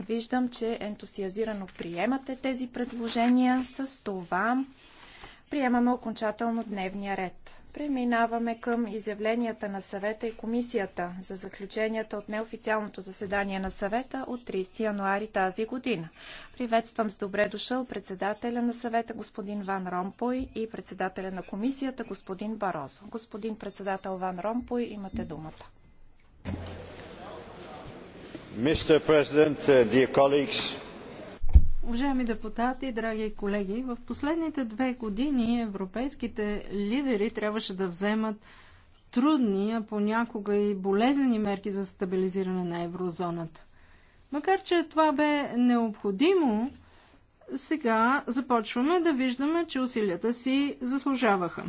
Виждам, че ентусиазирано приемате тези предложения. С това приемаме окончателно дневния ред. Преминаваме към изявленията на съвета и комисията за заключенията от неофициалното заседание на съвета от 30 януари тази година. Приветствам с добре дошъл председателя на съвета господин Ван Ромпой и председателя на комисията господин Барозо. Господин председател Ван Ромпой, имате думата. Mr. President, uh, dear colleagues, Уважаеми депутати, драги колеги, в последните две години европейските лидери трябваше да вземат трудни, а понякога и болезнени мерки за стабилизиране на еврозоната. Макар, че това бе необходимо, сега започваме да виждаме, че усилията си заслужаваха.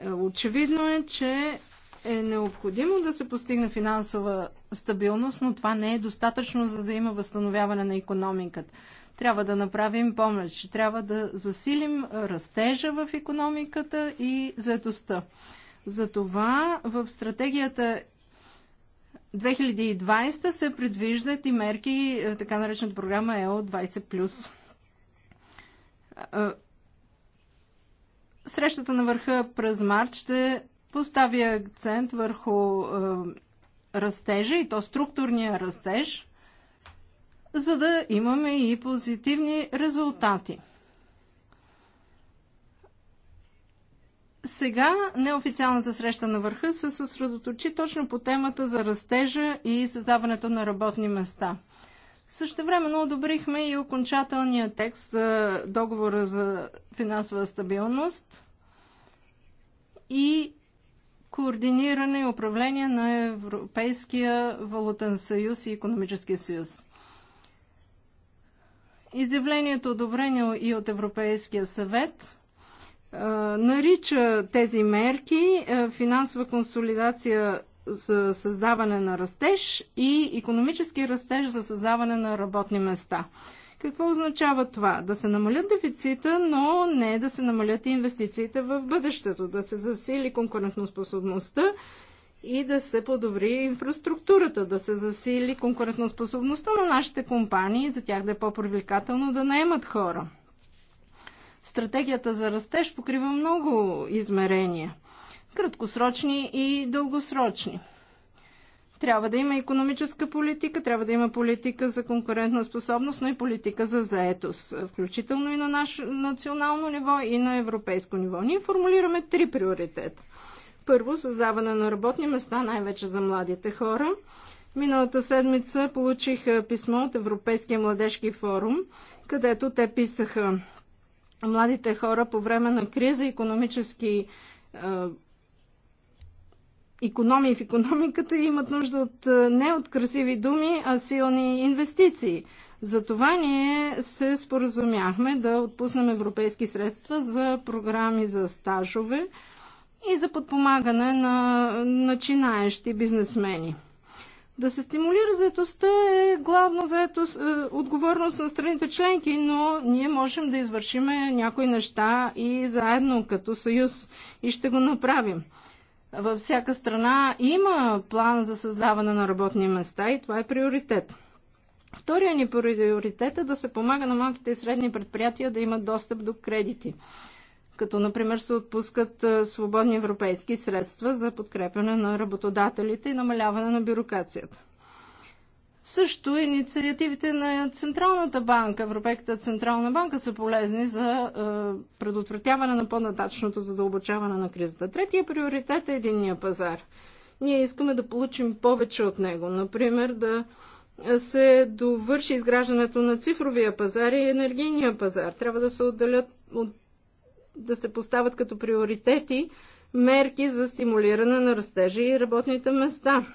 Е, очевидно е, че е необходимо да се постигне финансова стабилност, но това не е достатъчно, за да има възстановяване на економиката. Трябва да направим помощ, трябва да засилим растежа в економиката и заедостта. Затова в стратегията 2020 се предвиждат и мерки, е, така наречената програма ЕО 20+. Е, е, срещата на върха през март ще поставя акцент върху е, растежа и то структурния растеж, за да имаме и позитивни резултати. Сега неофициалната среща на върха се съсредоточи точно по темата за растежа и създаването на работни места. Също времено одобрихме и окончателния текст за договора за финансова стабилност и координиране и управление на Европейския валутен съюз и економически съюз. Изявлението, одобрено и от Европейския съвет, нарича тези мерки финансова консолидация за създаване на растеж и економически растеж за създаване на работни места. Какво означава това? Да се намалят дефицита, но не да се намалят инвестициите в бъдещето, да се засили конкурентоспособността и да се подобри инфраструктурата, да се засили конкурентоспособността на нашите компании, за тях да е по-привлекателно да наемат хора. Стратегията за растеж покрива много измерения краткосрочни и дългосрочни. Трябва да има економическа политика, трябва да има политика за конкурентна способност, но и политика за заетост, включително и на наше национално ниво и на европейско ниво. Ние формулираме три приоритета. Първо, създаване на работни места, най-вече за младите хора. Миналата седмица получих писмо от Европейския младежки форум, където те писаха младите хора по време на криза, економически економии в економиката имат нужда от, е, не от красиви думи, а силни инвестиции. Затова ние се споразумяхме да отпуснем европейски средства за програми за стажове и за подпомагане на начинаещи бизнесмени. Да се стимулира заетостта е главно заетост, е, отговорност на страните членки, но ние можем да извършим някои неща и заедно като съюз и ще го направим. Във всяка страна има план за създаване на работни места и това е приоритет. Втория ни приоритет е да се помага на малките и средни предприятия да имат достъп до кредити. Като, например, се отпускат е, свободни европейски средства за подкрепяне на работодателите и намаляване на бюрокрацията. Също инициативите на Централната банка, Европейската Централна банка са полезни за е, предотвратяване на по-нататъчното задълбочаване на кризата. Третия приоритет е единния пазар. Ние искаме да получим повече от него. Например, да се довърши изграждането на цифровия пазар и енергийния пазар. Трябва да се отделят, от, да се поставят като приоритети мерки за стимулиране на растежа и работните места.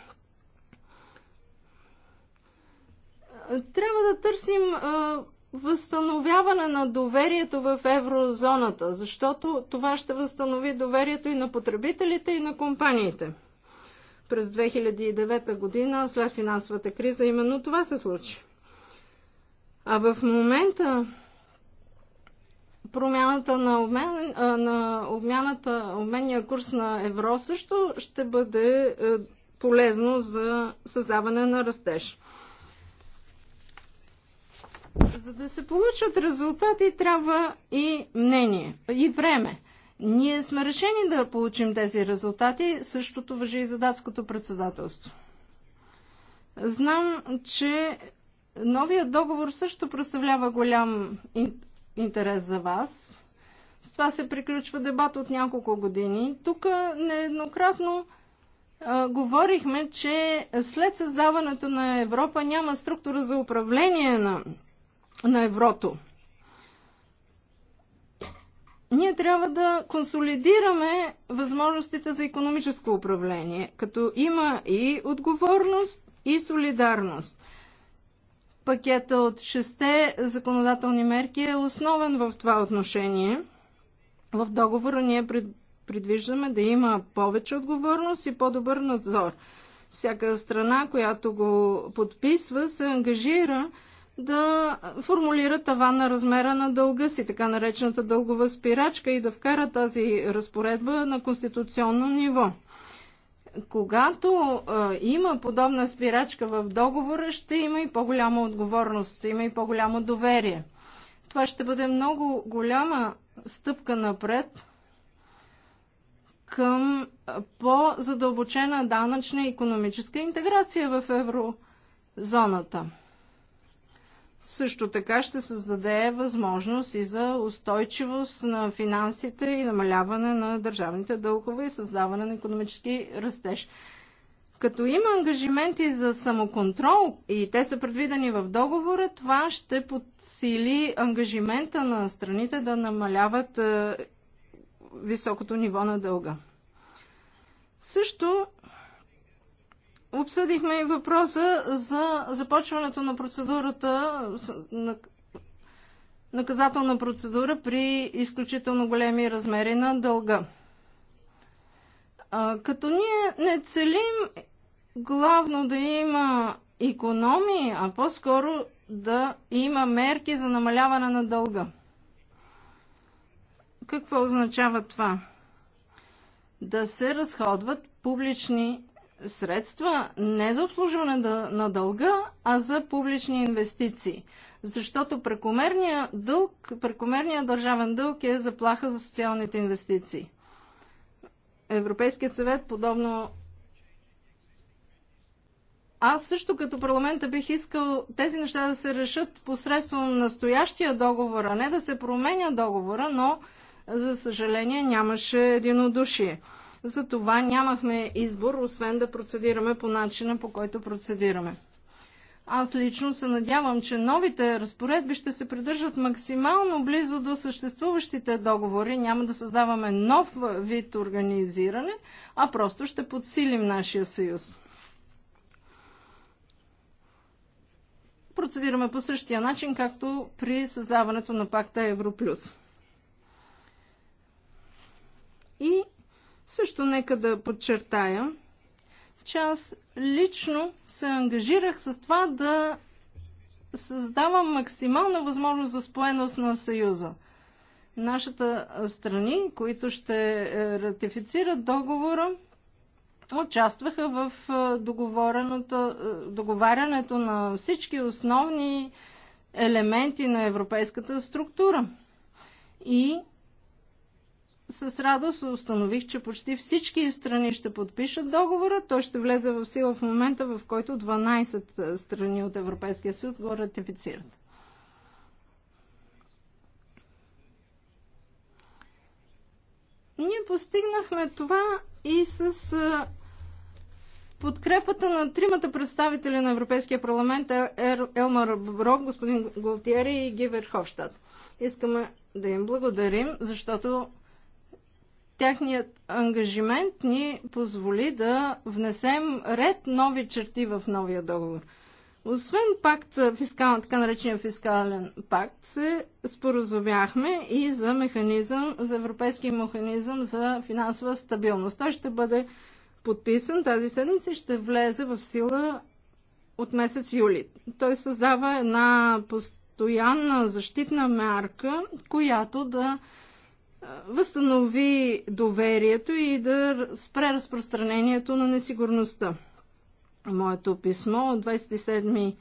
трябва да търсим а, възстановяване на доверието в еврозоната, защото това ще възстанови доверието и на потребителите, и на компаниите. През 2009 година, след финансовата криза, именно това се случи. А в момента промяната на, обмен, на обмяната, обменния курс на евро също ще бъде полезно за създаване на растеж. За да се получат резултати, трябва и мнение, и време. Ние сме решени да получим тези резултати. Същото въжи и за датското председателство. Знам, че новият договор също представлява голям интерес за вас. С това се приключва дебат от няколко години. Тук нееднократно говорихме, че след създаването на Европа няма структура за управление на на еврото. Ние трябва да консолидираме възможностите за економическо управление, като има и отговорност, и солидарност. Пакета от шесте законодателни мерки е основен в това отношение. В договора ние предвиждаме да има повече отговорност и по-добър надзор. Всяка страна, която го подписва, се ангажира – да формулира тава на размера на дълга си, така наречената дългова спирачка и да вкара тази разпоредба на конституционно ниво. Когато а, има подобна спирачка в договора, ще има и по-голяма отговорност, ще има и по-голямо доверие. Това ще бъде много голяма стъпка напред към по-задълбочена данъчна и економическа интеграция в еврозоната. Също така ще създаде възможност и за устойчивост на финансите и намаляване на държавните дългове и създаване на економически растеж. Като има ангажименти за самоконтрол и те са предвидени в договора, това ще подсили ангажимента на страните да намаляват е, високото ниво на дълга. Също Обсъдихме и въпроса за започването на процедурата, на наказателна процедура при изключително големи размери на дълга. А, като ние не целим главно да има економии, а по-скоро да има мерки за намаляване на дълга. Какво означава това? Да се разходват публични средства не за обслужване на дълга, а за публични инвестиции. Защото прекомерният дълг, прекомерният държавен дълг е заплаха за социалните инвестиции. Европейският съвет подобно аз също като парламента бих искал тези неща да се решат посредством настоящия договор, а не да се променя договора, но за съжаление нямаше единодушие. Затова нямахме избор, освен да процедираме по начина, по който процедираме. Аз лично се надявам, че новите разпоредби ще се придържат максимално близо до съществуващите договори. Няма да създаваме нов вид организиране, а просто ще подсилим нашия съюз. Процедираме по същия начин, както при създаването на пакта Европлюс. И също нека да подчертая, че аз лично се ангажирах с това да създавам максимална възможност за споеност на Съюза. Нашата страни, които ще е, ратифицират договора, участваха в е, е, договарянето на всички основни елементи на европейската структура. И с радост установих, че почти всички страни ще подпишат договора. Той ще влезе в сила в момента, в който 12 е, страни от Европейския съюз го ратифицират. Ние постигнахме това и с е, подкрепата на тримата представители на Европейския парламент е, Елмар Брок, господин Голтиери и Гивер Хофштад. Искаме да им благодарим, защото Техният ангажимент ни позволи да внесем ред нови черти в новия договор. Освен пакт, фискал, така наречения фискален пакт, се споразумяхме и за механизъм, за европейски механизъм за финансова стабилност. Той ще бъде подписан тази седмица и ще влезе в сила от месец юли. Той създава една постоянна защитна мярка, която да възстанови доверието и да спре разпространението на несигурността. Моето писмо от 27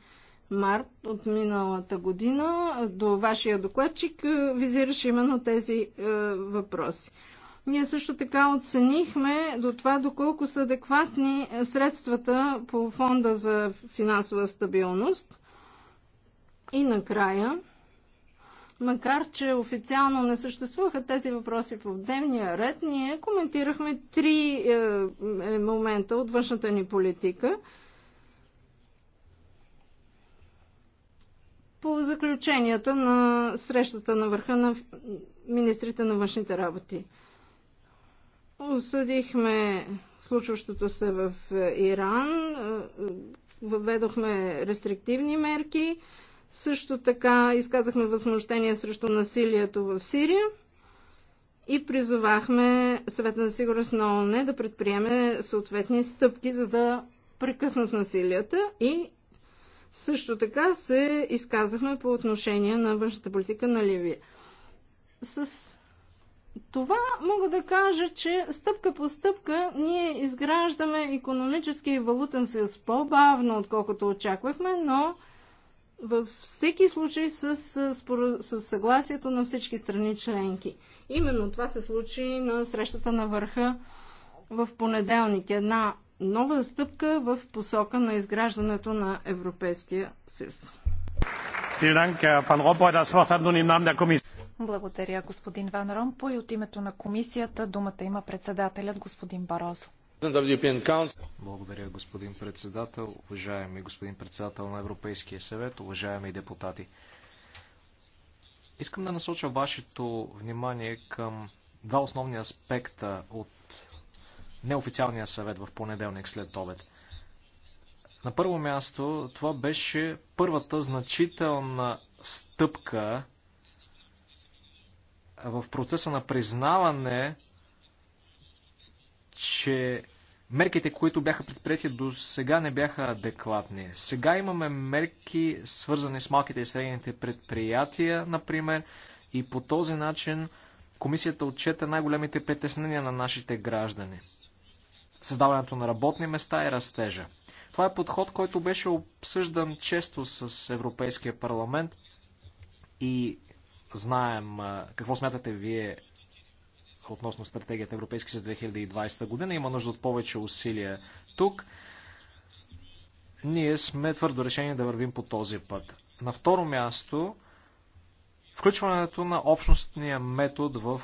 март от миналата година до вашия докладчик визираше именно тези е, въпроси. Ние също така оценихме до това доколко са адекватни средствата по фонда за финансова стабилност. И накрая макар че официално не съществуваха тези въпроси в дневния ред, ние коментирахме три е, е, момента от външната ни политика. По заключенията на срещата на върха на министрите на външните работи. Осъдихме случващото се в Иран, е, въведохме рестриктивни мерки, също така изказахме възмущение срещу насилието в Сирия и призовахме съвета на сигурност на ООН да предприеме съответни стъпки, за да прекъснат насилията и също така се изказахме по отношение на външната политика на Ливия. С това мога да кажа, че стъпка по стъпка ние изграждаме економически и валутен съюз по-бавно, отколкото очаквахме, но във всеки случай с, с, с съгласието на всички страни членки. Именно това се случи на срещата на върха в понеделник. Една нова стъпка в посока на изграждането на Европейския съюз. Благодаря, господин Ван Ромпо. И от името на комисията думата има председателят господин Барозо. Благодаря, господин председател, уважаеми господин председател на Европейския съвет, уважаеми депутати. Искам да насоча вашето внимание към два основни аспекта от неофициалния съвет в понеделник след обед. На първо място, това беше първата значителна стъпка в процеса на признаване че мерките, които бяха предприяти до сега, не бяха адекватни. Сега имаме мерки, свързани с малките и средните предприятия, например, и по този начин комисията отчета най-големите притеснения на нашите граждани. Създаването на работни места и растежа. Това е подход, който беше обсъждан често с Европейския парламент и знаем какво смятате вие относно стратегията Европейски съюз 2020 година. Има нужда от повече усилия тук. Ние сме твърдо решени да вървим по този път. На второ място, включването на общностния метод в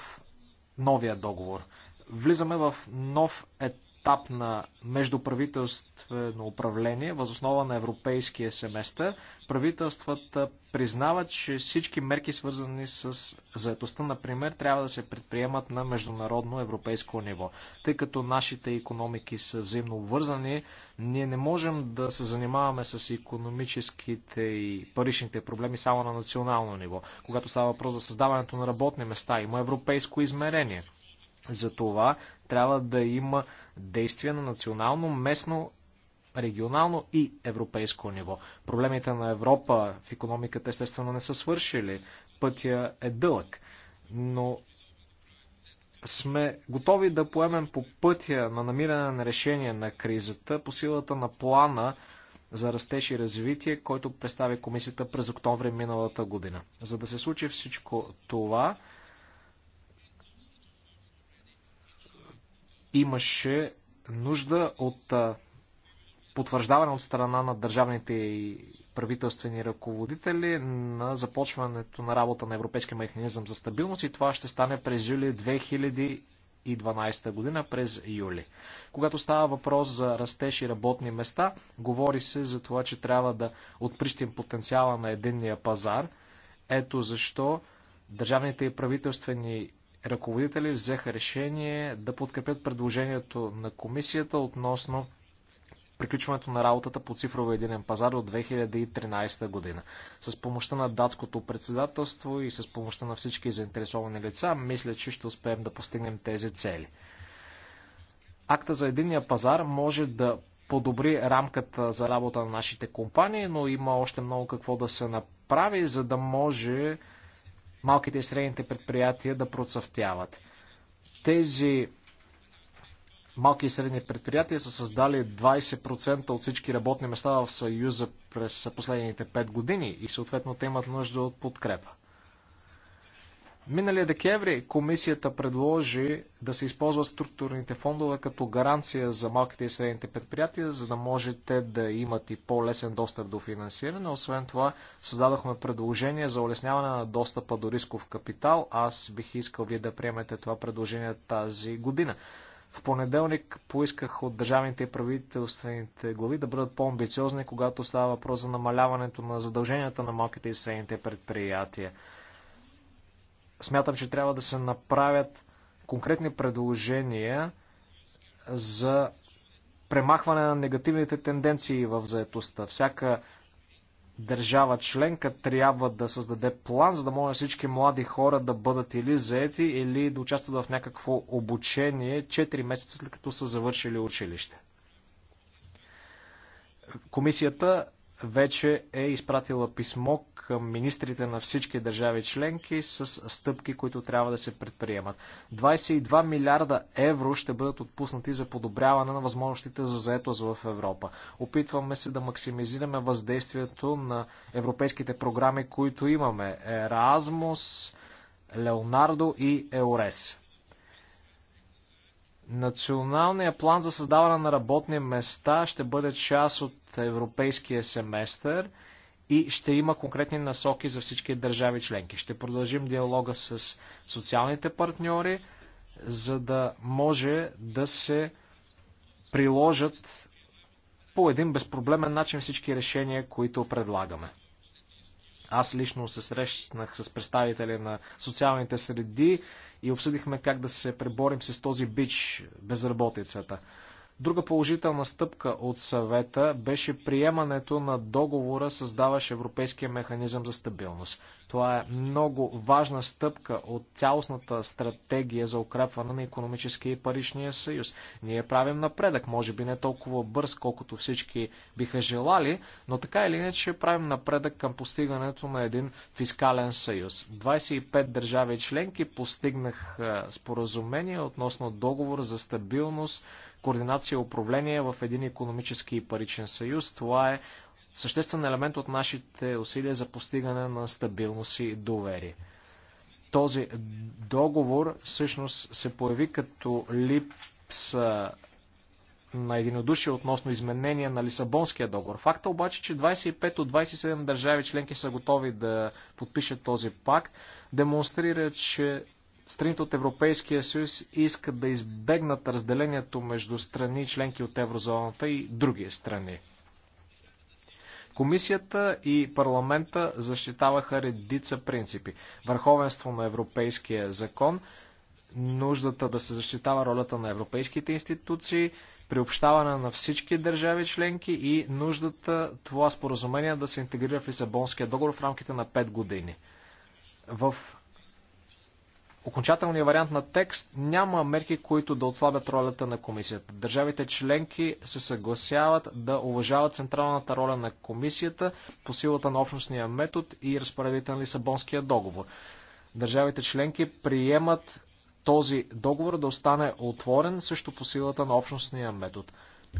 новия договор. Влизаме в нов етап етап на междуправителствено управление, възоснова на европейския семестър, правителствата признават, че всички мерки, свързани с заетостта, например, трябва да се предприемат на международно европейско ниво. Тъй като нашите економики са взаимно обвързани, ние не можем да се занимаваме с економическите и паричните проблеми само на национално ниво, когато става въпрос за създаването на работни места. Има европейско измерение. Затова трябва да има действия на национално, местно, регионално и европейско ниво. Проблемите на Европа в економиката естествено не са свършили. Пътя е дълъг. Но сме готови да поемем по пътя на намиране на решение на кризата по силата на плана за растеж и развитие, който представи комисията през октомври миналата година. За да се случи всичко това, имаше нужда от потвърждаване от страна на държавните и правителствени ръководители на започването на работа на Европейския механизъм за стабилност и това ще стане през юли 2012 година, през юли. Когато става въпрос за растеж и работни места, говори се за това, че трябва да отприщим потенциала на единния пазар. Ето защо държавните и правителствени ръководители взеха решение да подкрепят предложението на комисията относно приключването на работата по цифрово единен пазар от 2013 година. С помощта на датското председателство и с помощта на всички заинтересовани лица, мисля, че ще успеем да постигнем тези цели. Акта за единния пазар може да подобри рамката за работа на нашите компании, но има още много какво да се направи, за да може малките и средните предприятия да процъфтяват. Тези малки и средни предприятия са създали 20% от всички работни места в Съюза през последните 5 години и съответно те имат нужда от подкрепа. Миналия декември комисията предложи да се използват структурните фондове като гаранция за малките и средните предприятия, за да можете да имат и по-лесен достъп до финансиране. Освен това, създадохме предложение за улесняване на достъпа до рисков капитал. Аз бих искал вие да приемете това предложение тази година. В понеделник поисках от държавните и правителствените глави да бъдат по-амбициозни, когато става въпрос за намаляването на задълженията на малките и средните предприятия. Смятам, че трябва да се направят конкретни предложения за премахване на негативните тенденции в заетостта. Всяка държава членка трябва да създаде план, за да може всички млади хора да бъдат или заети, или да участват в някакво обучение 4 месеца след като са завършили училище. Комисията вече е изпратила писмо към министрите на всички държави членки с стъпки, които трябва да се предприемат. 22 милиарда евро ще бъдат отпуснати за подобряване на възможностите за заетост в Европа. Опитваме се да максимизираме въздействието на европейските програми, които имаме. Еразмус, Леонардо и ЕОРЕС. Националният план за създаване на работни места ще бъде част от европейския семестър и ще има конкретни насоки за всички държави членки. Ще продължим диалога с социалните партньори, за да може да се приложат по един безпроблемен начин всички решения, които предлагаме. Аз лично се срещнах с представители на социалните среди и обсъдихме как да се преборим с този бич безработицата. Друга положителна стъпка от съвета беше приемането на договора, създаващ Европейския механизъм за стабилност. Това е много важна стъпка от цялостната стратегия за укрепване на економическия и паричния съюз. Ние правим напредък, може би не толкова бърз, колкото всички биха желали, но така или иначе правим напредък към постигането на един фискален съюз. 25 държави членки постигнаха споразумение относно договор за стабилност, координация и управление в един економически и паричен съюз. Това е съществен елемент от нашите усилия за постигане на стабилност и доверие. Този договор всъщност се появи като липса на единодушие относно изменение на Лисабонския договор. Факта обаче, че 25 от 27 държави членки са готови да подпишат този пакт, демонстрира, че Страните от Европейския съюз искат да избегнат разделението между страни членки от еврозоната и други страни. Комисията и парламента защитаваха редица принципи. Върховенство на европейския закон, нуждата да се защитава ролята на европейските институции, приобщаване на всички държави членки и нуждата това споразумение да се интегрира в Лисабонския договор в рамките на 5 години. В окончателния вариант на текст няма мерки, които да отслабят ролята на комисията. Държавите членки се съгласяват да уважават централната роля на комисията по силата на общностния метод и разпоредите на Лисабонския договор. Държавите членки приемат този договор да остане отворен също по силата на общностния метод.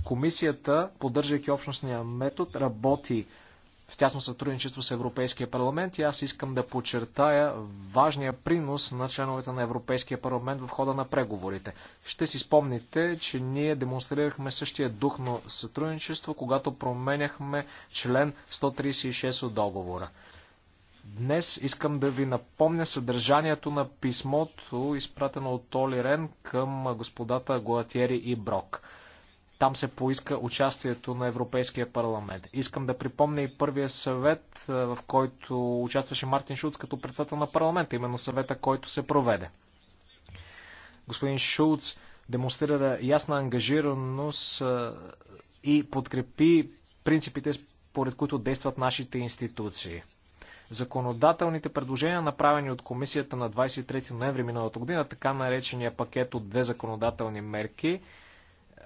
Комисията, поддържайки общностния метод, работи в тясно сътрудничество с Европейския парламент и аз искам да подчертая важния принос на членовете на Европейския парламент в хода на преговорите. Ще си спомните, че ние демонстрирахме същия дух на сътрудничество, когато променяхме член 136 от договора. Днес искам да ви напомня съдържанието на писмото, изпратено от Толи Рен към господата Гуатери и Брок. Там се поиска участието на Европейския парламент. Искам да припомня и първия съвет, е, в който участваше Мартин Шулц като председател на парламента, именно съвета, който се проведе. Господин Шулц демонстрира ясна ангажираност е, и подкрепи принципите, според които действат нашите институции. Законодателните предложения, направени от комисията на 23 ноември миналата година, така наречения пакет от две законодателни мерки, е,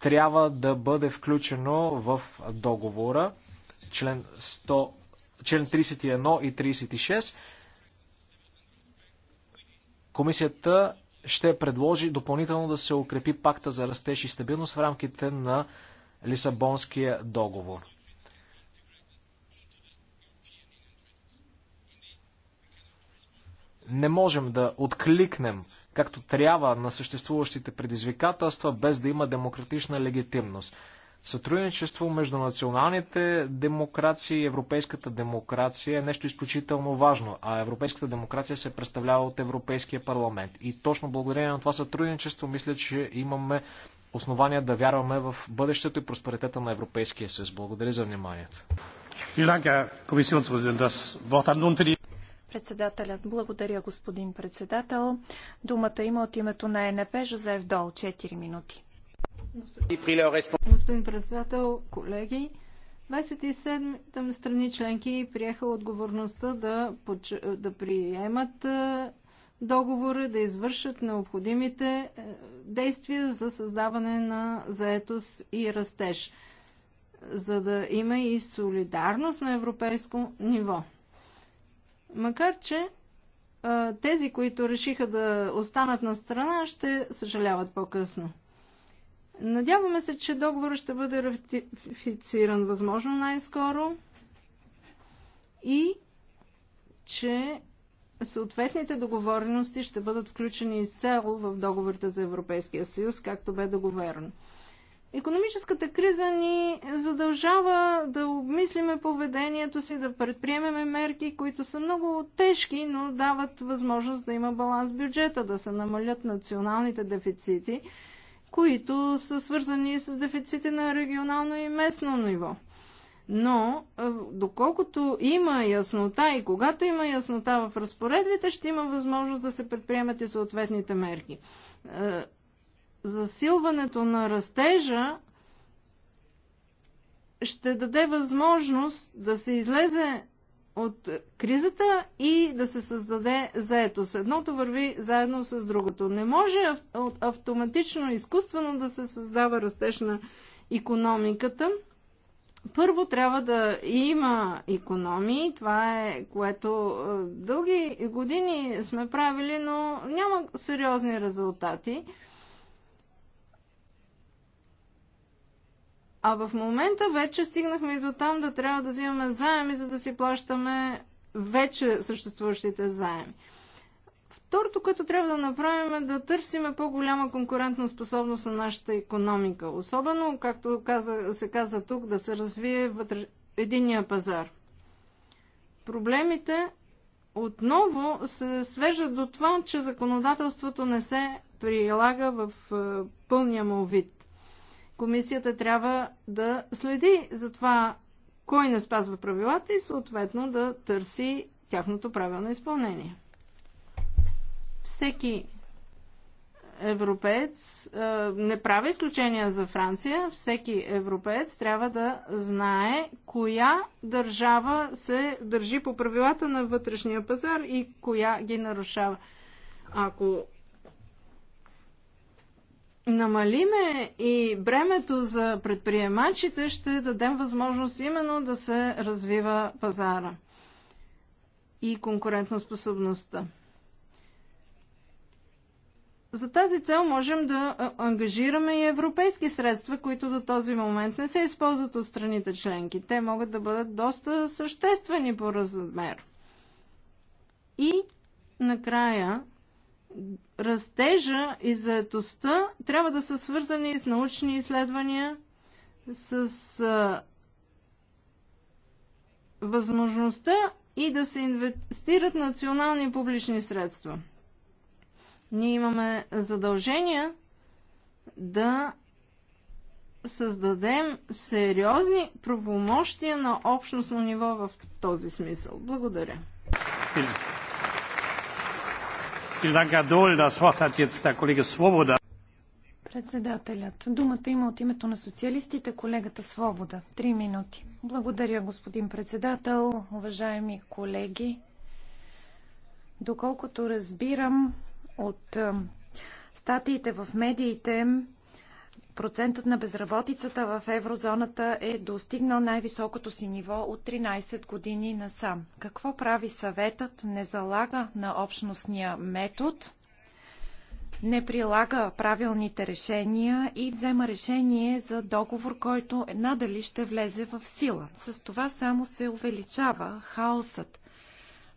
трябва да бъде включено в договора, член, 100, член 31 и 36. Комисията ще предложи допълнително да се укрепи пакта за растеж и стабилност в рамките на Лисабонския договор. Не можем да откликнем както трябва на съществуващите предизвикателства, без да има демократична легитимност. Сътрудничество между националните демокрации и европейската демокрация е нещо изключително важно, а европейската демокрация се представлява от Европейския парламент. И точно благодарение на това сътрудничество, мисля, че имаме основания да вярваме в бъдещето и просперитета на Европейския съюз. Благодаря за вниманието. Председателят. Благодаря, господин председател. Думата има от името на ЕНП Жозеф Дол. 4 минути. Господин председател, колеги, 27 страни членки приеха отговорността да, да приемат е, договора, да извършат необходимите е, действия за създаване на заетост и растеж, за да има и солидарност на европейско ниво. Макар, че тези, които решиха да останат на страна, ще съжаляват по-късно. Надяваме се, че договорът ще бъде ратифициран възможно най-скоро и че съответните договорености ще бъдат включени изцяло в договорите за Европейския съюз, както бе договорено. Економическата криза ни задължава да обмислиме поведението си, да предприемеме мерки, които са много тежки, но дават възможност да има баланс в бюджета, да се намалят националните дефицити, които са свързани с дефицити на регионално и местно ниво. Но, е, доколкото има яснота и когато има яснота в разпоредбите, ще има възможност да се предприемат и съответните мерки е, засилването на растежа ще даде възможност да се излезе от кризата и да се създаде заетост. Едното върви заедно с другото. Не може автоматично, изкуствено да се създава растеж на економиката. Първо трябва да има економии. Това е което е, дълги години сме правили, но няма сериозни резултати. А в момента вече стигнахме и до там да трябва да взимаме заеми, за да си плащаме вече съществуващите заеми. Второто, което трябва да направим е да търсиме по-голяма конкурентна способност на нашата економика. Особено, както каза, се каза тук, да се развие вътре, единия пазар. Проблемите отново се свежат до това, че законодателството не се прилага в е, пълния му вид комисията трябва да следи за това кой не спазва правилата и съответно да търси тяхното правилно изпълнение. Всеки европеец не прави изключения за Франция. Всеки европеец трябва да знае коя държава се държи по правилата на вътрешния пазар и коя ги нарушава. Ако намалиме и бремето за предприемачите, ще дадем възможност именно да се развива пазара и конкурентоспособността. За тази цел можем да ангажираме и европейски средства, които до този момент не се използват от страните членки. Те могат да бъдат доста съществени по размер. И накрая растежа и заетостта трябва да са свързани с научни изследвания, с възможността и да се инвестират национални публични средства. Ние имаме задължения да създадем сериозни правомощия на общностно ниво в този смисъл. Благодаря. Председателят. Думата има от името на социалистите колегата Свобода. Три минути. Благодаря, господин председател, уважаеми колеги. Доколкото разбирам от статиите в медиите, Процентът на безработицата в еврозоната е достигнал най-високото си ниво от 13 години насам. Какво прави съветът? Не залага на общностния метод, не прилага правилните решения и взема решение за договор, който надали ще влезе в сила. С това само се увеличава хаосът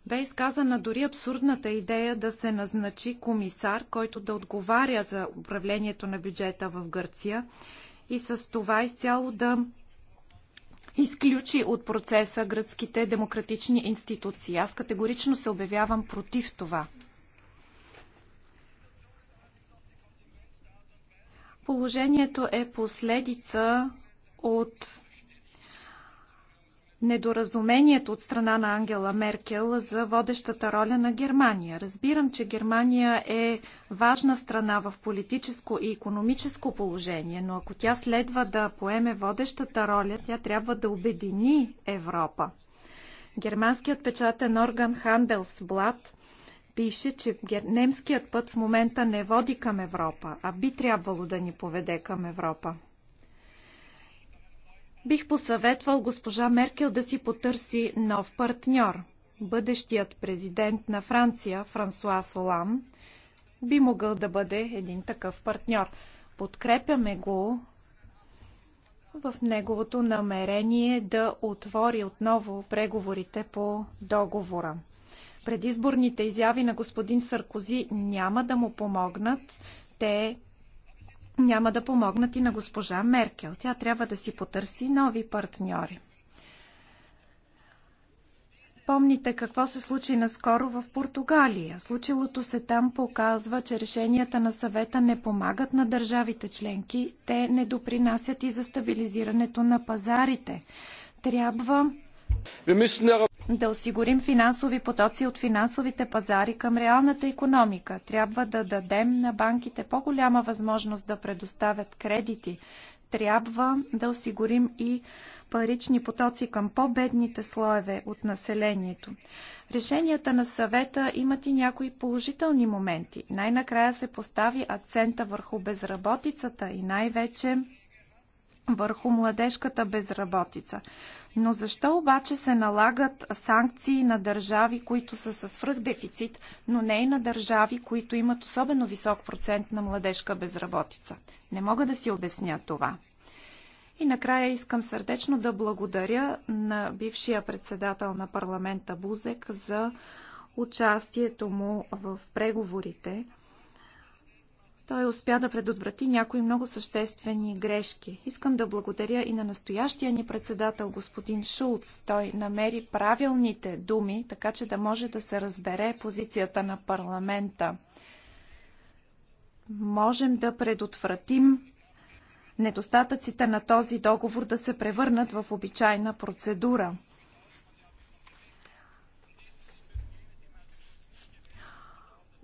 бе изказана дори абсурдната идея да се назначи комисар, който да отговаря за управлението на бюджета в Гърция и с това изцяло да изключи от процеса гръцките демократични институции. Аз категорично се обявявам против това. Положението е последица от недоразумението от страна на Ангела Меркел за водещата роля на Германия. Разбирам, че Германия е важна страна в политическо и економическо положение, но ако тя следва да поеме водещата роля, тя трябва да обедини Европа. Германският печатен орган Handelsblatt пише, че немският път в момента не води към Европа, а би трябвало да ни поведе към Европа. Бих посъветвал госпожа Меркел да си потърси нов партньор. Бъдещият президент на Франция, Франсуа Солам, би могъл да бъде един такъв партньор. Подкрепяме го в неговото намерение да отвори отново преговорите по договора. Предизборните изяви на господин Саркози няма да му помогнат. Те няма да помогнат и на госпожа Меркел. Тя трябва да си потърси нови партньори. Помните какво се случи наскоро в Португалия. Случилото се там показва, че решенията на съвета не помагат на държавите членки. Те не допринасят и за стабилизирането на пазарите. Трябва да осигурим финансови потоци от финансовите пазари към реалната економика. Трябва да дадем на банките по-голяма възможност да предоставят кредити. Трябва да осигурим и парични потоци към по-бедните слоеве от населението. Решенията на съвета имат и някои положителни моменти. Най-накрая се постави акцента върху безработицата и най-вече върху младежката безработица. Но защо обаче се налагат санкции на държави, които са със свръхдефицит, но не и на държави, които имат особено висок процент на младежка безработица? Не мога да си обясня това. И накрая искам сърдечно да благодаря на бившия председател на парламента Бузек за участието му в преговорите той успя да предотврати някои много съществени грешки. Искам да благодаря и на настоящия ни председател, господин Шулц. Той намери правилните думи, така че да може да се разбере позицията на парламента. Можем да предотвратим недостатъците на този договор да се превърнат в обичайна процедура.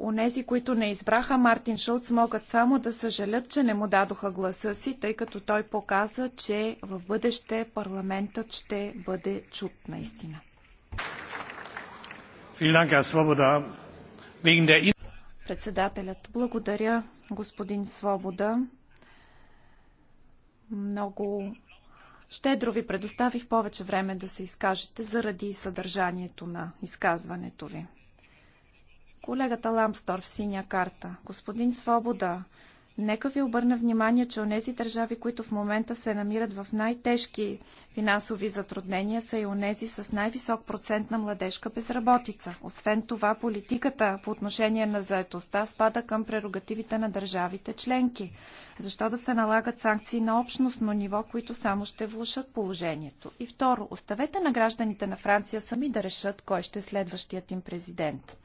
Онези, които не избраха Мартин Шулц, могат само да съжалят, че не му дадоха гласа си, тъй като той показа, че в бъдеще парламентът ще бъде чут наистина. Председателят, благодаря господин Свобода. Много щедро ви предоставих повече време да се изкажете заради съдържанието на изказването ви. Колегата Ламстор в синя карта. Господин Свобода, нека ви обърна внимание, че онези държави, които в момента се намират в най-тежки финансови затруднения, са и онези с най-висок процент на младежка безработица. Освен това, политиката по отношение на заетостта спада към прерогативите на държавите членки. Защо да се налагат санкции на общностно ниво, които само ще влушат положението? И второ, оставете на гражданите на Франция сами да решат кой ще е следващият им президент.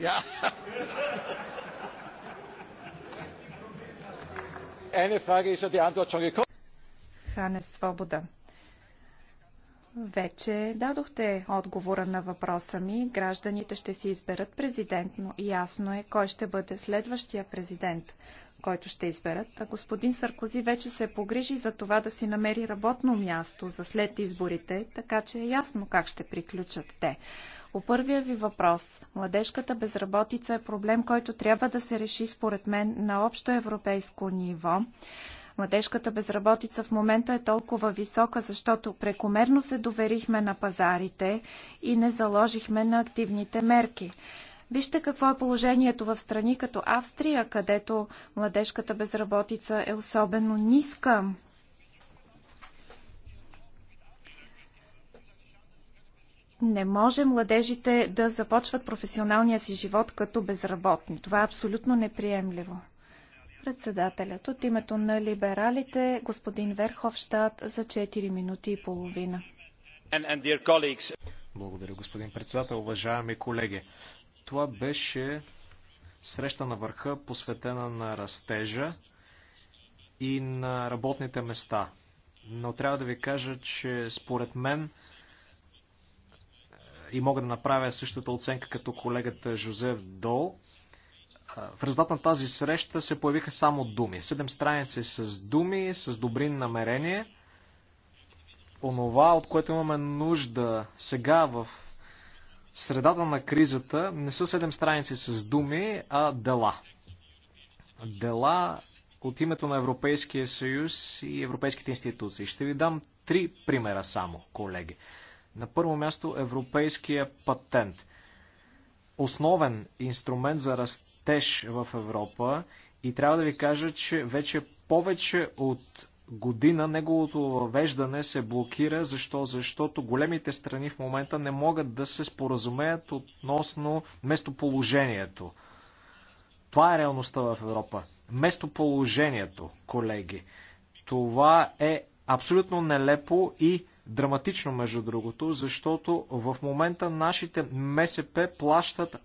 Ja. Eine Frage ist ja die Antwort schon gekommen. Хане Свобода. Вече дадохте отговора на въпроса ми. Гражданите ще си изберат президент, но ясно е кой ще бъде следващия президент който ще изберат. А господин Саркози вече се погрижи за това да си намери работно място за след изборите, така че е ясно как ще приключат те. По първия ви въпрос, младежката безработица е проблем, който трябва да се реши според мен на общо европейско ниво. Младежката безработица в момента е толкова висока, защото прекомерно се доверихме на пазарите и не заложихме на активните мерки. Вижте какво е положението в страни като Австрия, където младежката безработица е особено ниска. Не може младежите да започват професионалния си живот като безработни. Това е абсолютно неприемливо. Председателят от името на либералите, господин Верховщад, за 4 минути и половина. Благодаря, господин председател. Уважаеми колеги, това беше среща на върха, посветена на растежа и на работните места. Но трябва да ви кажа, че според мен и мога да направя същата оценка като колегата Жозеф Дол, в резултат на тази среща се появиха само думи. Седем страници с думи, с добри намерения. Онова, от което имаме нужда сега в средата на кризата не са седем страници с думи, а дела. Дела от името на Европейския съюз и европейските институции. Ще ви дам три примера само, колеги. На първо място европейския патент. Основен инструмент за растеж в Европа и трябва да ви кажа, че вече повече от година неговото въвеждане се блокира. Защо? Защото големите страни в момента не могат да се споразумеят относно местоположението. Това е реалността в Европа. Местоположението, колеги. Това е абсолютно нелепо и драматично, между другото, защото в момента нашите МСП плащат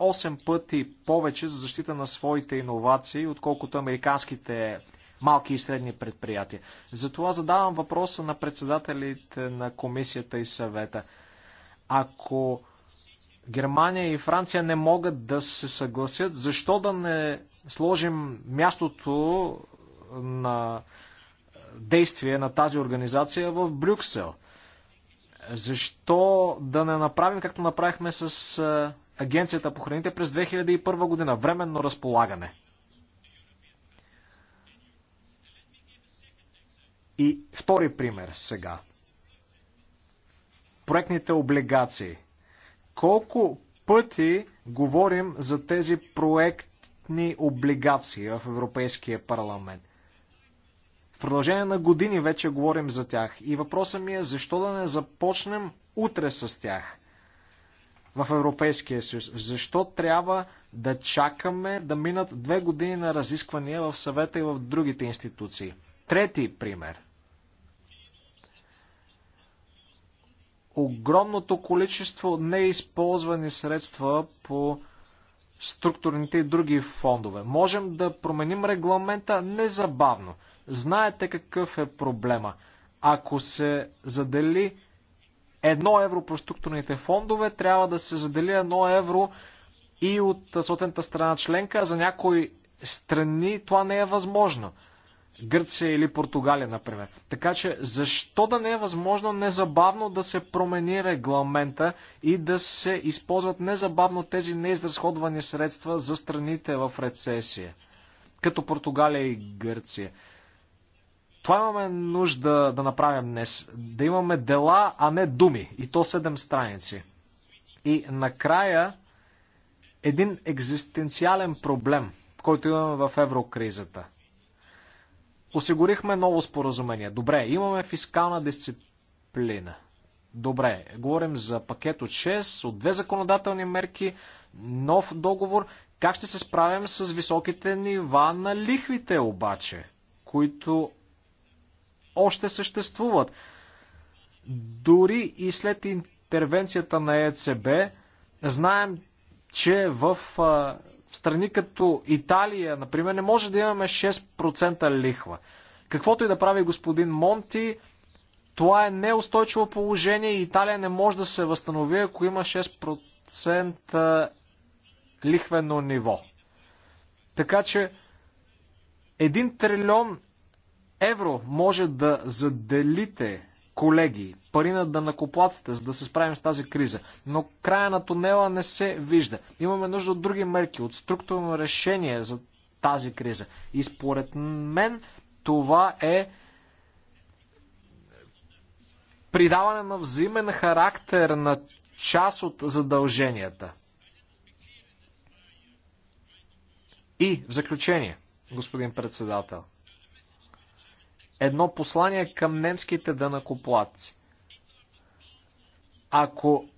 8 пъти повече за защита на своите иновации, отколкото американските малки и средни предприятия. Затова задавам въпроса на председателите на комисията и съвета. Ако Германия и Франция не могат да се съгласят, защо да не сложим мястото на действие на тази организация в Брюксел? Защо да не направим, както направихме с Агенцията по храните през 2001 година, временно разполагане? И втори пример сега. Проектните облигации. Колко пъти говорим за тези проектни облигации в Европейския парламент? В продължение на години вече говорим за тях. И въпросът ми е защо да не започнем утре с тях в Европейския съюз? Защо трябва да чакаме да минат две години на разисквания в съвета и в другите институции? Трети пример – огромното количество неизползвани средства по структурните и други фондове. Можем да променим регламента незабавно. Знаете какъв е проблема. Ако се задели едно евро по структурните фондове, трябва да се задели едно евро и от съответната страна членка. За някои страни това не е възможно. Гърция или Португалия, например. Така че, защо да не е възможно незабавно да се промени регламента и да се използват незабавно тези неизразходвани средства за страните в рецесия, като Португалия и Гърция? Това имаме нужда да направим днес. Да имаме дела, а не думи. И то седем страници. И накрая един екзистенциален проблем, който имаме в еврокризата – Осигурихме ново споразумение. Добре, имаме фискална дисциплина. Добре, говорим за пакет от 6, от две законодателни мерки, нов договор. Как ще се справим с високите нива на лихвите обаче, които още съществуват? Дори и след интервенцията на ЕЦБ, знаем, че в страни като Италия, например, не може да имаме 6% лихва. Каквото и да прави господин Монти, това е неустойчиво положение и Италия не може да се възстанови, ако има 6% лихвено ниво. Така че 1 трилион евро може да заделите колеги, пари на данакоплаците, за да се справим с тази криза. Но края на тунела не се вижда. Имаме нужда от други мерки, от структурно решение за тази криза. И според мен това е придаване на взаимен характер на част от задълженията. И в заключение, господин председател, едно послание към немските дънакоплатци. Ако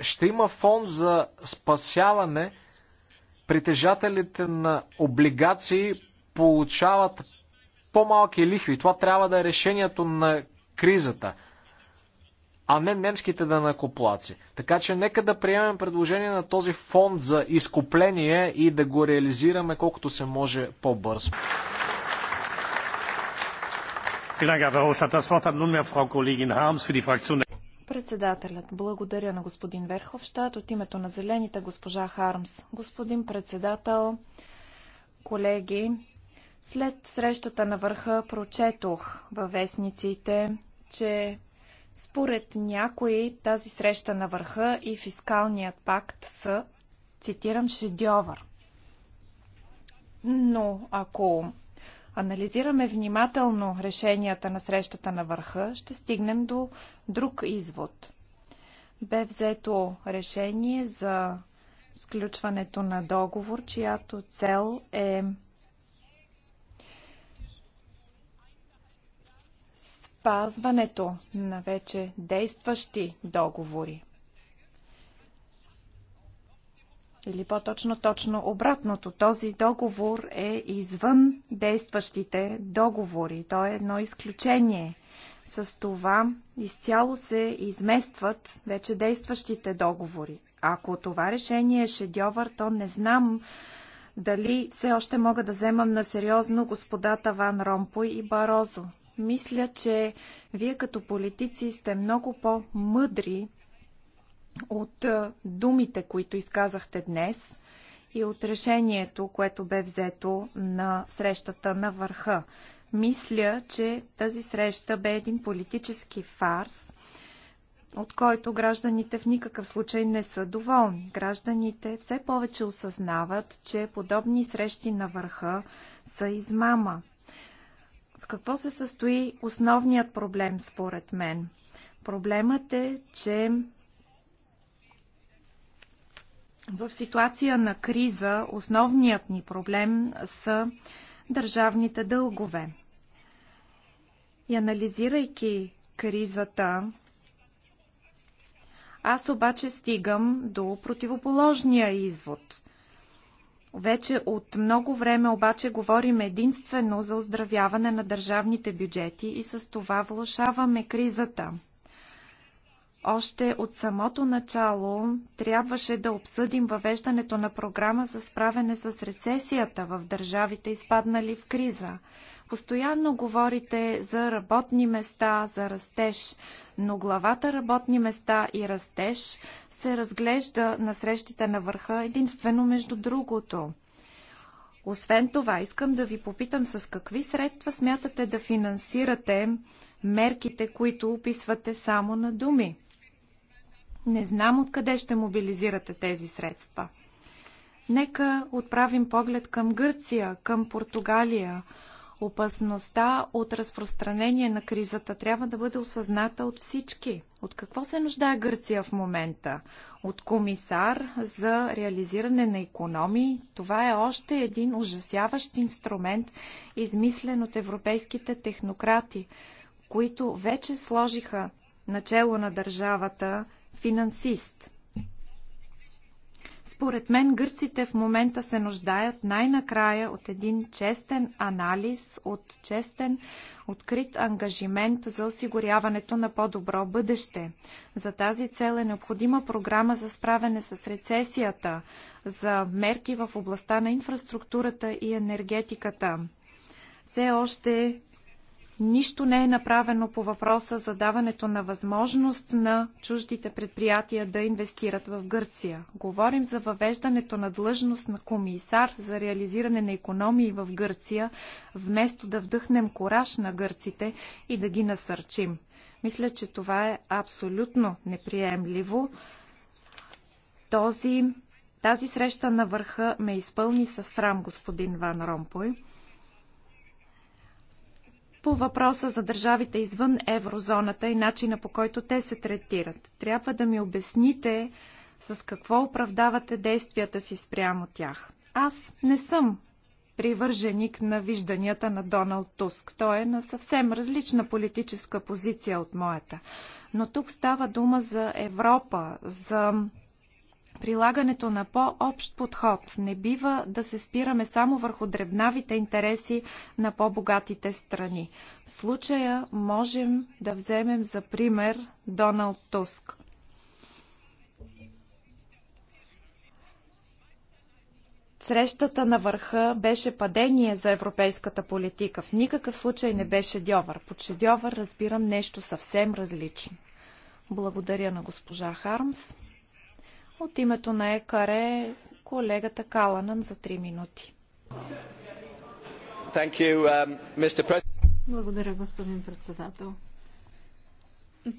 ще има фонд за спасяване, притежателите на облигации получават по-малки лихви. Това трябва да е решението на кризата, а не немските дънакоплаци. Така че нека да приемем предложение на този фонд за изкупление и да го реализираме колкото се може по-бързо. Председателят, благодаря на господин Верховщад от името на Зелените, госпожа Хармс. Господин председател, колеги, след срещата на върха прочетох във вестниците, че според някои тази среща на върха и фискалният пакт са, цитирам, шедьовър. Но ако анализираме внимателно решенията на срещата на върха, ще стигнем до друг извод. Бе взето решение за сключването на договор, чиято цел е спазването на вече действащи договори. Или по-точно, точно обратното. Този договор е извън действащите договори. То е едно изключение. С това изцяло се изместват вече действащите договори. Ако това решение е шедьовър, то не знам дали все още мога да вземам на сериозно господата Ван Ромпой и Барозо. Мисля, че вие като политици сте много по-мъдри от думите, които изказахте днес и от решението, което бе взето на срещата на върха. Мисля, че тази среща бе един политически фарс, от който гражданите в никакъв случай не са доволни. Гражданите все повече осъзнават, че подобни срещи на върха са измама. В какво се състои основният проблем, според мен? Проблемът е, че в ситуация на криза основният ни проблем са държавните дългове. И анализирайки кризата, аз обаче стигам до противоположния извод. Вече от много време обаче говорим единствено за оздравяване на държавните бюджети и с това влушаваме кризата. Още от самото начало трябваше да обсъдим въвеждането на програма за справяне с рецесията в държавите, изпаднали в криза. Постоянно говорите за работни места, за растеж, но главата работни места и растеж се разглежда на срещите на върха единствено между другото. Освен това, искам да ви попитам с какви средства смятате да финансирате мерките, които описвате само на думи. Не знам откъде ще мобилизирате тези средства. Нека отправим поглед към Гърция, към Португалия. Опасността от разпространение на кризата трябва да бъде осъзната от всички. От какво се нуждае Гърция в момента? От комисар за реализиране на економии. Това е още един ужасяващ инструмент, измислен от европейските технократи, които вече сложиха начало на държавата финансист. Според мен гърците в момента се нуждаят най-накрая от един честен анализ, от честен, открит ангажимент за осигуряването на по-добро бъдеще. За тази цел е необходима програма за справяне с рецесията, за мерки в областта на инфраструктурата и енергетиката. Все още Нищо не е направено по въпроса за даването на възможност на чуждите предприятия да инвестират в Гърция. Говорим за въвеждането на длъжност на комисар за реализиране на економии в Гърция, вместо да вдъхнем кораж на гърците и да ги насърчим. Мисля, че това е абсолютно неприемливо. Този, тази среща на върха ме изпълни със срам, господин Ван Ромпой по въпроса за държавите извън еврозоната и начина по който те се третират. Трябва да ми обясните с какво оправдавате действията си спрямо тях. Аз не съм привърженик на вижданията на Доналд Туск. Той е на съвсем различна политическа позиция от моята. Но тук става дума за Европа, за прилагането на по-общ подход. Не бива да се спираме само върху дребнавите интереси на по-богатите страни. В случая можем да вземем за пример Доналд Туск. Срещата на върха беше падение за европейската политика. В никакъв случай не беше дьовър. Под шедьовър разбирам нещо съвсем различно. Благодаря на госпожа Хармс. От името на е колегата Каланан за 3 минути. Um, Благодаря, господин председател.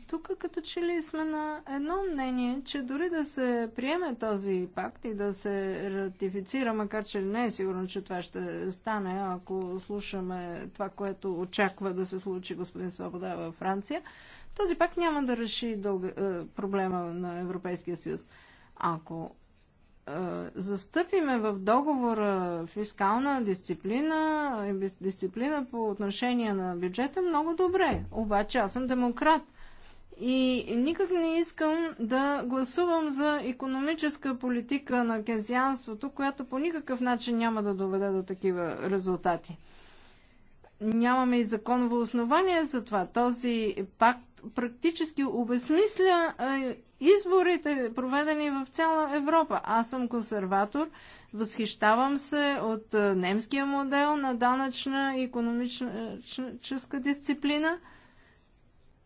Тук като че ли сме на едно мнение, че дори да се приеме този пакт и да се ратифицира, макар че не е сигурно, че това ще стане, ако слушаме това, което очаква да се случи господин Свобода във Франция, този пакт няма да реши дълга, е, проблема на Европейския съюз. Ако е, застъпиме в договора фискална дисциплина, е, и дисциплина по отношение на бюджета, много добре. Обаче аз съм демократ и никак не искам да гласувам за економическа политика на кензианството, която по никакъв начин няма да доведе до такива резултати. Нямаме и законово основание за това. Този пакт практически обезмисля е, изборите, проведени в цяла Европа. Аз съм консерватор, възхищавам се от е, немския модел на данъчна и економическа дисциплина,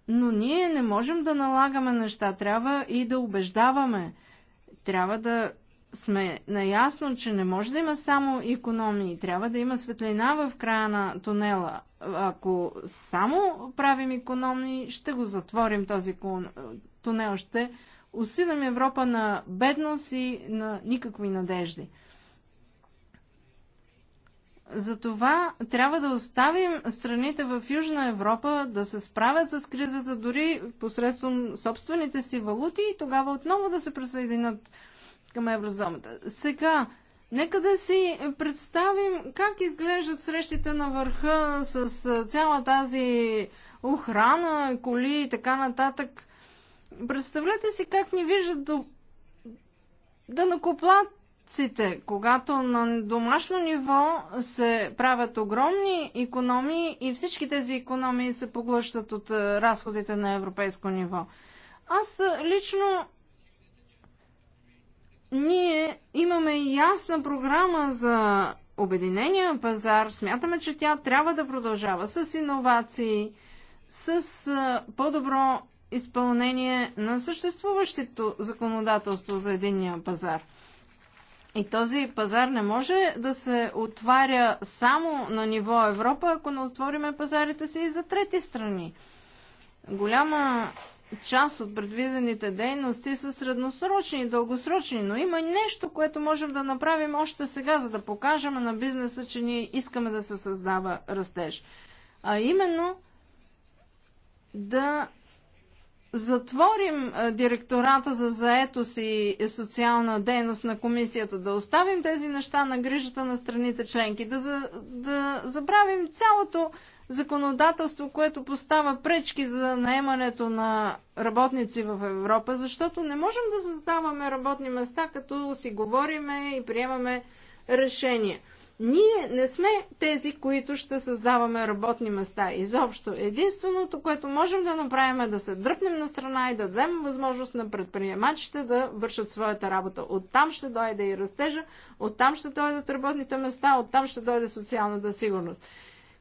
но ние не можем да налагаме неща, трябва и да убеждаваме. Трябва да сме наясно, че не може да има само економии. Трябва да има светлина в края на тунела. Ако само правим економии, ще го затворим този тунел. Ще усилим Европа на бедност и на никакви надежди. Затова трябва да оставим страните в Южна Европа да се справят с кризата дори посредством собствените си валути и тогава отново да се присъединят към еврозоната. Сега, нека да си представим как изглеждат срещите на върха с цяла тази охрана, коли и така нататък. Представете си как ни виждат до... да накоплат когато на домашно ниво се правят огромни економии и всички тези економии се поглъщат от разходите на европейско ниво. Аз лично ние имаме ясна програма за обединения пазар. Смятаме, че тя трябва да продължава с иновации, с по-добро изпълнение на съществуващото законодателство за единния пазар. И този пазар не може да се отваря само на ниво Европа, ако не отвориме пазарите си и за трети страни. Голяма част от предвидените дейности са средносрочни и дългосрочни, но има нещо, което можем да направим още сега, за да покажем на бизнеса, че ние искаме да се създава растеж. А именно да затворим директората за заетост и социална дейност на комисията, да оставим тези неща на грижата на страните членки, да, за, да забравим цялото законодателство, което поставя пречки за наемането на работници в Европа, защото не можем да създаваме работни места, като си говориме и приемаме решения. Ние не сме тези, които ще създаваме работни места. Изобщо единственото, което можем да направим е да се дръпнем на страна и да дадем възможност на предприемачите да вършат своята работа. Оттам ще дойде и растежа, оттам ще дойдат работните места, оттам ще дойде социалната сигурност.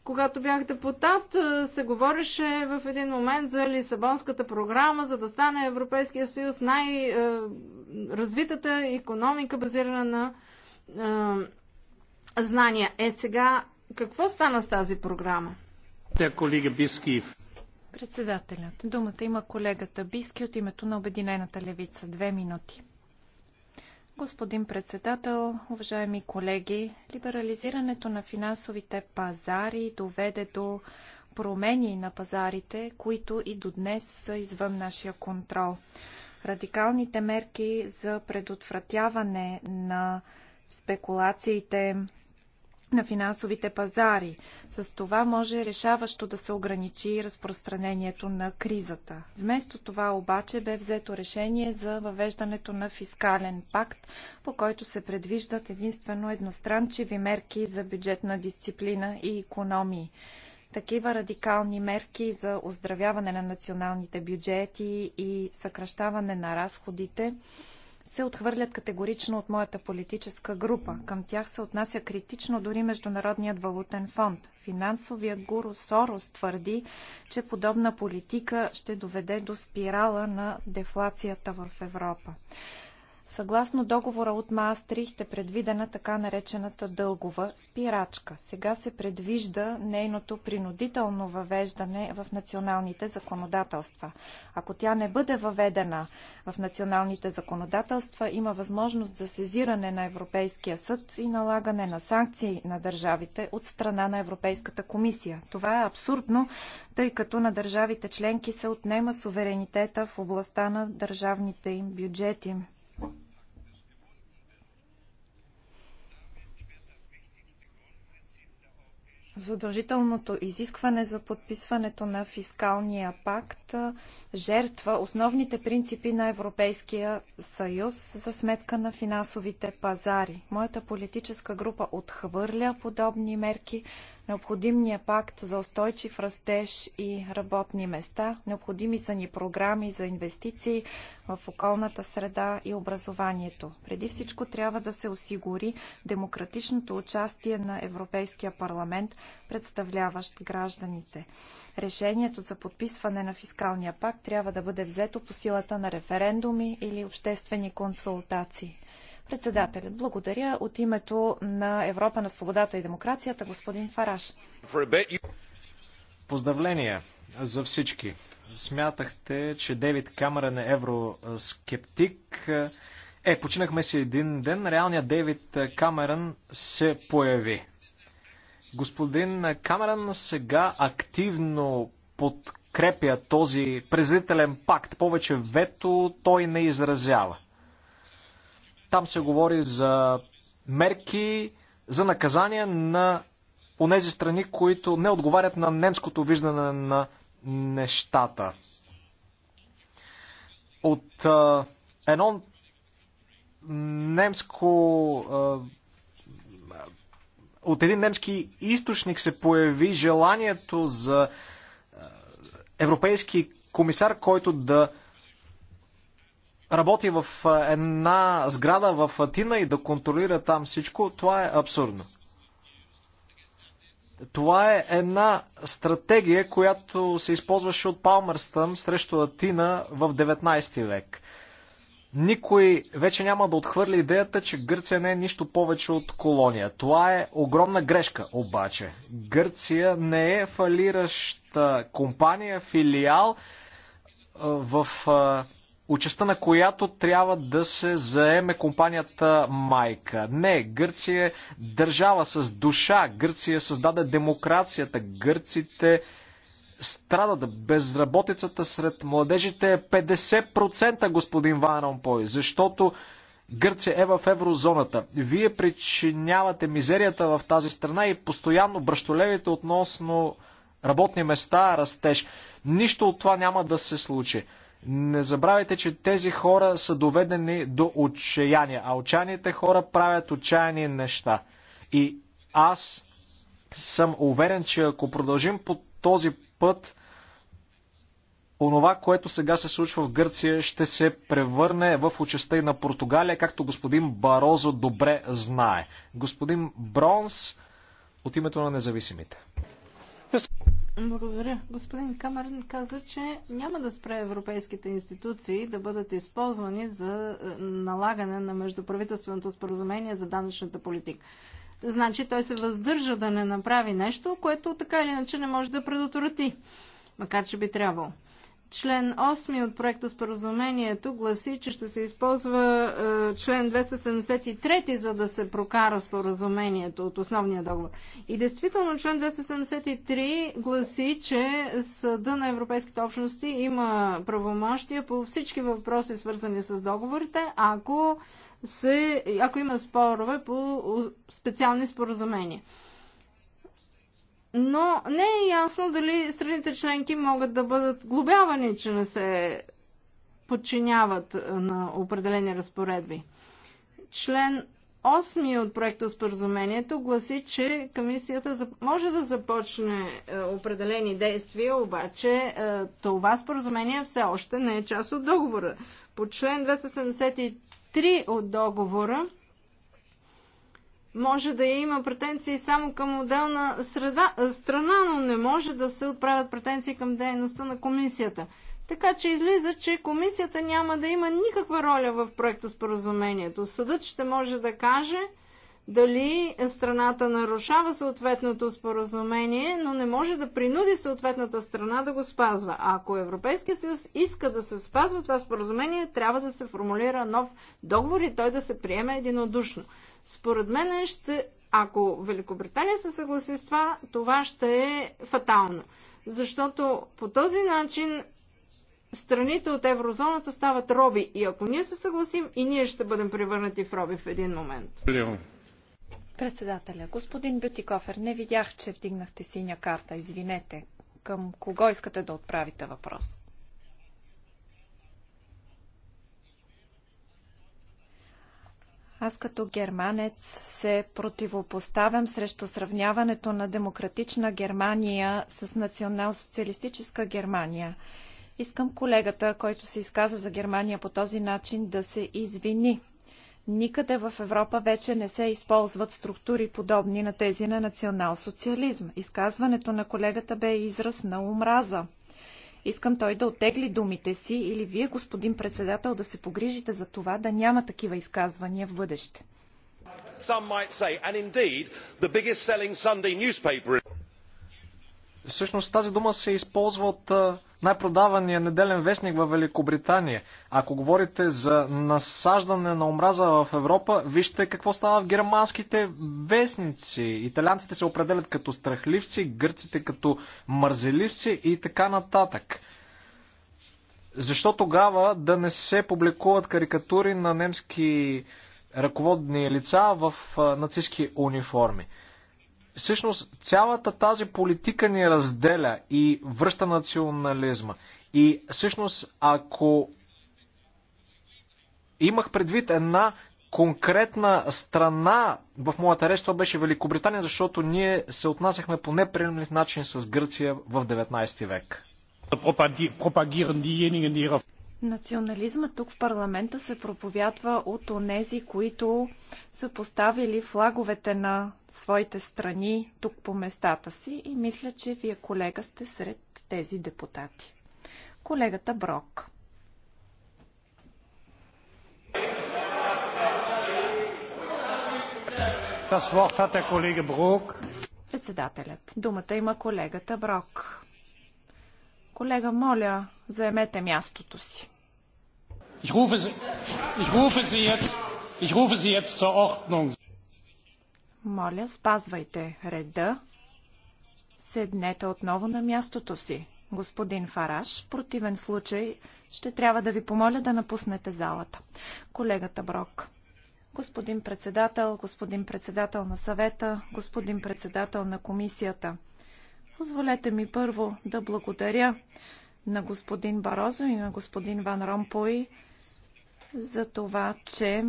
Когато бях депутат, се говореше в един момент за Лисабонската програма, за да стане Европейския съюз най-развитата економика, базирана на знания. Е, сега, какво стана с тази програма? колега Бискиев. Председателят. Думата има колегата Биски от името на Обединената левица. Две минути. Господин председател, уважаеми колеги, либерализирането на финансовите пазари доведе до промени на пазарите, които и до днес са извън нашия контрол. Радикалните мерки за предотвратяване на спекулациите на финансовите пазари. С това може решаващо да се ограничи разпространението на кризата. Вместо това обаче бе взето решение за въвеждането на фискален пакт, по който се предвиждат единствено едностранчиви мерки за бюджетна дисциплина и економии. Такива радикални мерки за оздравяване на националните бюджети и съкръщаване на разходите – се отхвърлят категорично от моята политическа група. Към тях се отнася критично дори Международният валутен фонд. Финансовият гуру Сорос твърди, че подобна политика ще доведе до спирала на дефлацията в Европа. Съгласно договора от Маастрихт е предвидена така наречената дългова спирачка. Сега се предвижда нейното принудително въвеждане в националните законодателства. Ако тя не бъде въведена в националните законодателства, има възможност за сезиране на Европейския съд и налагане на санкции на държавите от страна на Европейската комисия. Това е абсурдно, тъй като на държавите членки се отнема суверенитета в областта на държавните им бюджети задължителното изискване за подписването на фискалния пакт жертва основните принципи на Европейския съюз за сметка на финансовите пазари. Моята политическа група отхвърля подобни мерки, необходимния пакт за устойчив растеж и работни места. Необходими са ни програми за инвестиции в околната среда и образованието. Преди всичко трябва да се осигури демократичното участие на Европейския парламент, представляващ гражданите. Решението за подписване на фискалния пакт трябва да бъде взето по силата на референдуми или обществени консултации. Председателя, благодаря от името на Европа на свободата и демокрацията, господин Фараш. Поздравления за всички. Смятахте, че Девид Камерън е евроскептик. Е, починахме си един ден. Реалният Девид Камерън се появи. Господин Камерън сега активно подкрепя този презрителен пакт. Повече вето той не изразява. Там се говори за мерки за наказания на онези страни, които не отговарят на немското виждане на нещата. От а, едно немско. А, от един немски източник се появи желанието за европейски комисар, който да работи в една сграда в Атина и да контролира там всичко, това е абсурдно. Това е една стратегия, която се използваше от Палмърстън срещу Атина в 19 век. Никой вече няма да отхвърли идеята, че Гърция не е нищо повече от колония. Това е огромна грешка, обаче. Гърция не е фалираща компания, филиал в участта на която трябва да се заеме компанията Майка. Не, Гърция е държава с душа, Гърция създаде демокрацията, гърците страдат. Безработицата сред младежите е 50%, господин Ван Ромпой, защото Гърция е в еврозоната. Вие причинявате мизерията в тази страна и постоянно бръщолевите относно работни места растеж. Нищо от това няма да се случи. Не забравяйте, че тези хора са доведени до отчаяние, а отчаяните хора правят отчаяни неща. И аз съм уверен, че ако продължим по този път, онова, което сега се случва в Гърция, ще се превърне в участта и на Португалия, както господин Барозо добре знае. Господин Бронс, от името на независимите. Благодаря. Господин Камерн каза, че няма да спре европейските институции да бъдат използвани за е, налагане на междуправителственото споразумение за данъчната политика. Значи той се въздържа да не направи нещо, което така или иначе не може да предотврати, макар че би трябвало. Член 8 от проекта споразумението гласи, че ще се използва е, член 273, за да се прокара споразумението от основния договор. И действително член 273 гласи, че Съда на Европейските общности има правомощия по всички въпроси, свързани с договорите, ако, се, ако има спорове по специални споразумения но не е ясно дали страните членки могат да бъдат глобявани, че не се подчиняват е, на определени разпоредби. Член 8 от проекта споразумението гласи, че комисията може да започне е, определени действия, обаче е, това споразумение все още не е част от договора. По член 273 от договора може да има претенции само към отделна среда, страна, но не може да се отправят претенции към дейността на комисията. Така че излиза, че комисията няма да има никаква роля в проекто споразумението. Съдът ще може да каже дали страната нарушава съответното споразумение, но не може да принуди съответната страна да го спазва. А ако Европейския съюз иска да се спазва това споразумение, трябва да се формулира нов договор и той да се приеме единодушно. Според мен, ще, ако Великобритания се съгласи с това, това ще е фатално. Защото по този начин страните от еврозоната стават роби. И ако ние се съгласим, и ние ще бъдем превърнати в роби в един момент. Председателя, господин Бютикофер, не видях, че вдигнахте синя карта. Извинете, към кого искате да отправите въпрос? Аз като германец се противопоставям срещу сравняването на демократична Германия с национал-социалистическа Германия. Искам колегата, който се изказа за Германия по този начин, да се извини. Никъде в Европа вече не се използват структури подобни на тези на национал-социализъм. Изказването на колегата бе израз на омраза. Искам той да отегли думите си или вие, господин председател, да се погрижите за това да няма такива изказвания в бъдеще. Всъщност тази дума се използва от най-продавания неделен вестник във Великобритания. Ако говорите за насаждане на омраза в Европа, вижте какво става в германските вестници. Италианците се определят като страхливци, гърците като мързеливци и така нататък. Защо тогава да не се публикуват карикатури на немски ръководни лица в нацистски униформи? Всъщност цялата тази политика ни разделя и връща национализма. И всъщност ако имах предвид една конкретна страна в моята реч, това беше Великобритания, защото ние се отнасяхме по неприемлив начин с Гърция в 19 век. Национализма тук в парламента се проповядва от онези, които са поставили флаговете на своите страни тук по местата си и мисля, че вие колега сте сред тези депутати. Колегата Брок. Председателят. Думата има колегата Брок. Колега, моля, заемете мястото си. Ich rufe Sie, ich rufe Sie jetzt, ich rufe Sie jetzt zur Ordnung. Моля, спазвайте реда. Седнете отново на мястото си, господин Фараш. В противен случай ще трябва да ви помоля да напуснете залата. Колегата Брок. Господин председател, господин председател на съвета, господин председател на комисията. Позволете ми първо да благодаря на господин Барозо и на господин Ван Ромпой за това, че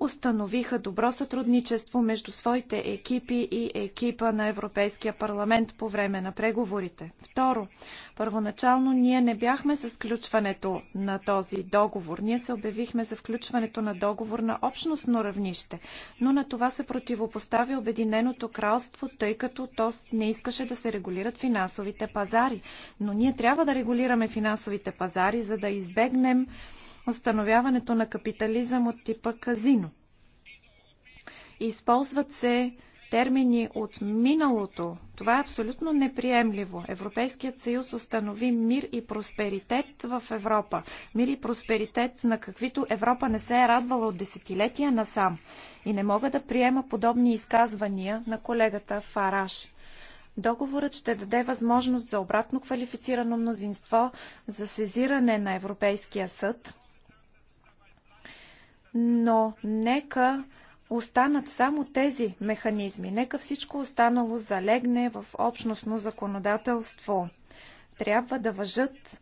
установиха добро сътрудничество между своите екипи и екипа на Европейския парламент по време на преговорите. Второ, първоначално ние не бяхме за включването на този договор. Ние се обявихме за включването на договор на общностно равнище, но на това се противопостави Обединеното кралство, тъй като то не искаше да се регулират финансовите пазари. Но ние трябва да регулираме финансовите пазари, за да избегнем установяването на капитализъм от типа казино. Използват се термини от миналото. Това е абсолютно неприемливо. Европейският съюз установи мир и просперитет в Европа. Мир и просперитет, на каквито Европа не се е радвала от десетилетия насам. И не мога да приема подобни изказвания на колегата Фараш. Договорът ще даде възможност за обратно квалифицирано мнозинство за сезиране на Европейския съд но нека останат само тези механизми. Нека всичко останало залегне в общностно законодателство. Трябва да въжат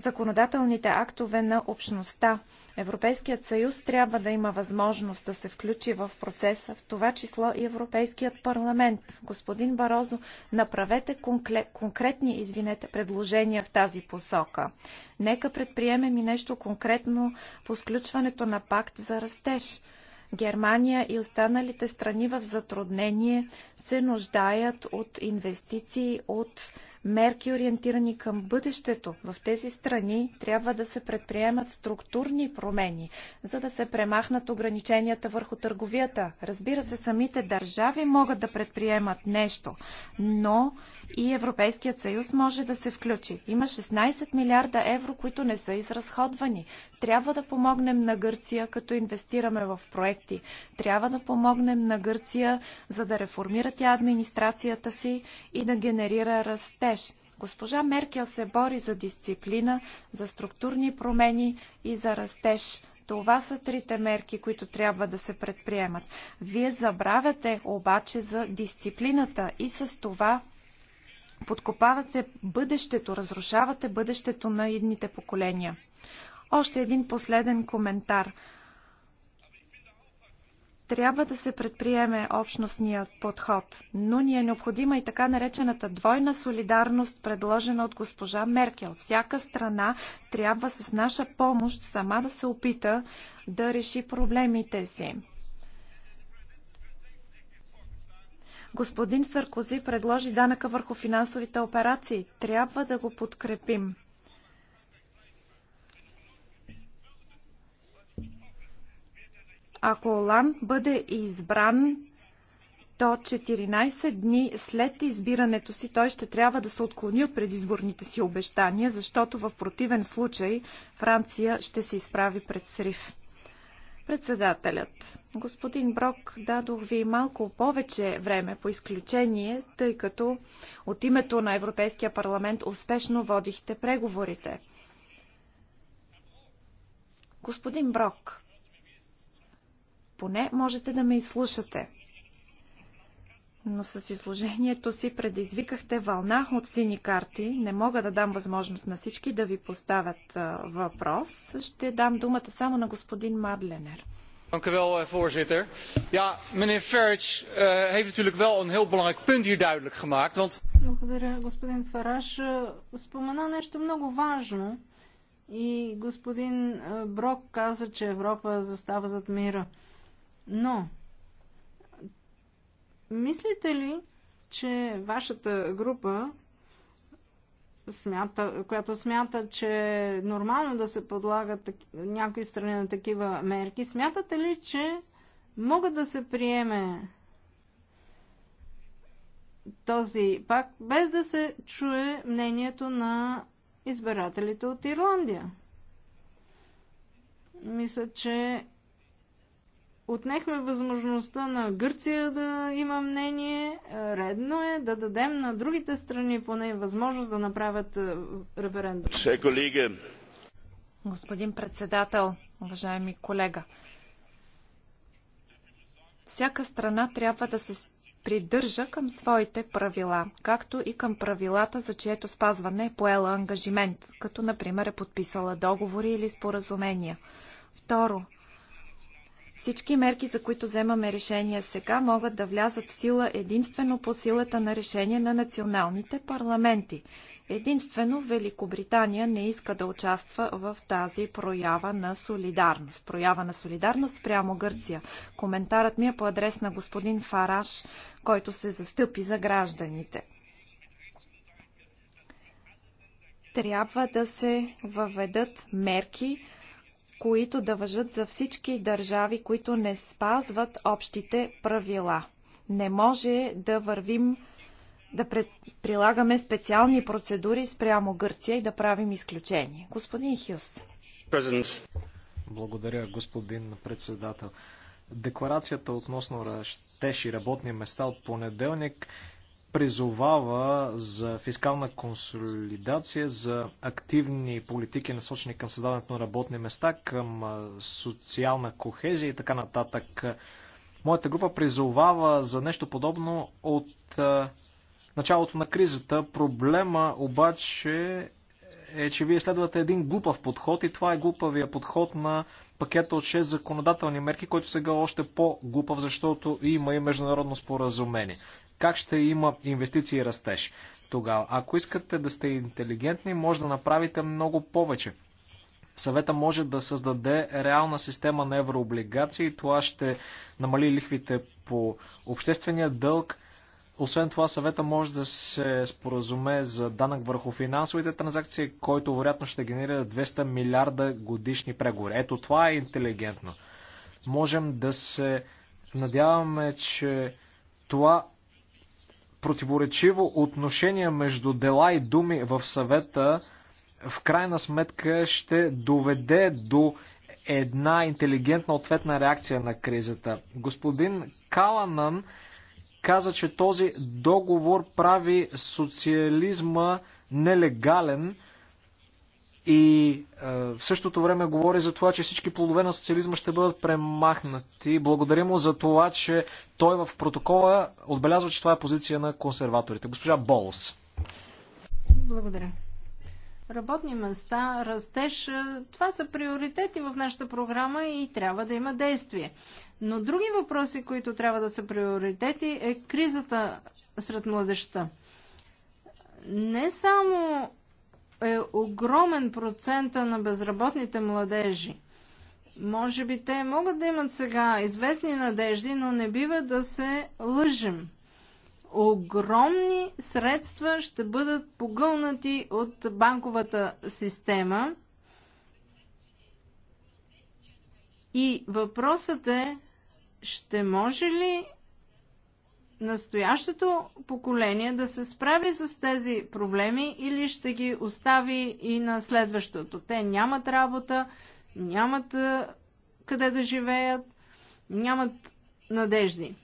законодателните актове на общността. Европейският съюз трябва да има възможност да се включи в процеса, в това число и Европейският парламент. Господин Барозо, направете конкретни извинете, предложения в тази посока. Нека предприемем и нещо конкретно по сключването на пакт за растеж. Германия и останалите страни в затруднение се нуждаят от инвестиции, от мерки ориентирани към бъдещето. В тези страни трябва да се предприемат структурни промени, за да се премахнат ограниченията върху търговията. Разбира се, самите държави могат да предприемат нещо, но и Европейският съюз може да се включи. Има 16 милиарда евро, които не са изразходвани. Трябва да помогнем на Гърция, като инвестираме в проекти. Трябва да помогнем на Гърция, за да реформира тя администрацията си и да генерира растеж. Госпожа Меркел се бори за дисциплина, за структурни промени и за растеж. Това са трите мерки, които трябва да се предприемат. Вие забравяте обаче за дисциплината и с това Подкопавате бъдещето, разрушавате бъдещето на идните поколения. Още един последен коментар. Трябва да се предприеме общностният подход, но ни е необходима и така наречената двойна солидарност, предложена от госпожа Меркел. Всяка страна трябва с наша помощ сама да се опита да реши проблемите си. Господин Саркози предложи данъка върху финансовите операции. Трябва да го подкрепим. Ако Олан бъде избран, то 14 дни след избирането си той ще трябва да се отклони от предизборните си обещания, защото в противен случай Франция ще се изправи пред срив. Председателят. Господин Брок, дадох ви малко повече време по изключение, тъй като от името на Европейския парламент успешно водихте преговорите. Господин Брок, поне можете да ме изслушате но с изложението си предизвикахте вълна от сини карти. Не мога да дам възможност на всички да ви поставят въпрос. Ще дам думата само на господин Мадленер. Dank u wel, eh, voorzitter. Ja, meneer Farage uh, heeft natuurlijk wel een heel belangrijk punt hier duidelijk gemaakt. Want... Благодаря, господин Фараш. Спомена нещо много важно и господин е, Брок каза, че Европа застава зад мира. Но Мислите ли, че вашата група, смята, която смята, че е нормално да се подлагат някои страни на такива мерки, смятате ли, че могат да се приеме този пакт, без да се чуе мнението на избирателите от Ирландия? Мисля, че отнехме възможността на Гърция да има мнение. Редно е да дадем на другите страни поне възможност да направят е, референдум. Господин председател, уважаеми колега, всяка страна трябва да се придържа към своите правила, както и към правилата, за чието спазване е поела ангажимент, като например е подписала договори или споразумения. Второ, всички мерки, за които вземаме решения сега, могат да влязат в сила единствено по силата на решение на националните парламенти. Единствено Великобритания не иска да участва в тази проява на солидарност. Проява на солидарност прямо Гърция. Коментарът ми е по адрес на господин Фараш, който се застъпи за гражданите. Трябва да се въведат мерки, които да въжат за всички държави, които не спазват общите правила. Не може да вървим да пред... прилагаме специални процедури спрямо Гърция и да правим изключение. Господин Хюс. Благодаря, господин председател. Декларацията относно растеж и работни места от понеделник призовава за фискална консолидация, за активни политики, насочени към създаването на работни места, към социална кохезия и така нататък. Моята група призовава за нещо подобно от началото на кризата. Проблема обаче е, че вие следвате един глупав подход и това е глупавия подход на пакета от 6 законодателни мерки, който сега е още по-глупав, защото има и международно споразумение как ще има инвестиции и растеж тогава. Ако искате да сте интелигентни, може да направите много повече. Съвета може да създаде реална система на еврооблигации. Това ще намали лихвите по обществения дълг. Освен това, съвета може да се споразуме за данък върху финансовите транзакции, който вероятно ще генерира 200 милиарда годишни преговори. Ето това е интелигентно. Можем да се надяваме, че това противоречиво отношение между дела и думи в съвета в крайна сметка ще доведе до една интелигентна ответна реакция на кризата. Господин Каланан каза, че този договор прави социализма нелегален, и е, в същото време говори за това, че всички плодове на социализма ще бъдат премахнати. Благодаря му за това, че той в протокола отбелязва, че това е позиция на консерваторите. Госпожа Болс. Благодаря. Работни места, растеж, това са приоритети в нашата програма и трябва да има действие. Но други въпроси, които трябва да са приоритети, е кризата сред младеща. Не само е огромен процента на безработните младежи. Може би те могат да имат сега известни надежди, но не бива да се лъжим. Огромни средства ще бъдат погълнати от банковата система. И въпросът е, ще може ли настоящето поколение да се справи с тези проблеми или ще ги остави и на следващото. Те нямат работа, нямат къде да живеят, нямат надежди.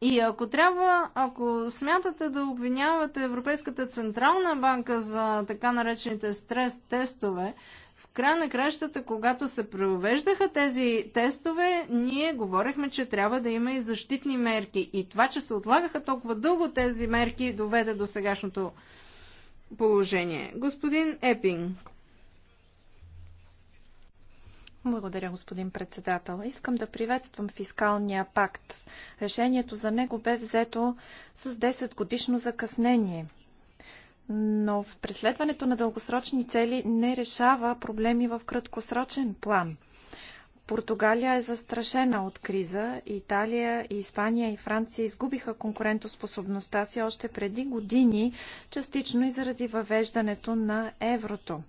И ако трябва, ако смятате да обвинявате Европейската Централна банка за така наречените стрес тестове, края на кращата, когато се провеждаха тези тестове, ние говорихме, че трябва да има и защитни мерки. И това, че се отлагаха толкова дълго тези мерки, доведе до сегашното положение. Господин Епинг. Благодаря, господин председател. Искам да приветствам фискалния пакт. Решението за него бе взето с 10 годишно закъснение но в преследването на дългосрочни цели не решава проблеми в краткосрочен план. Португалия е застрашена от криза. Италия, Испания и Франция изгубиха конкурентоспособността си още преди години, частично и заради въвеждането на еврото.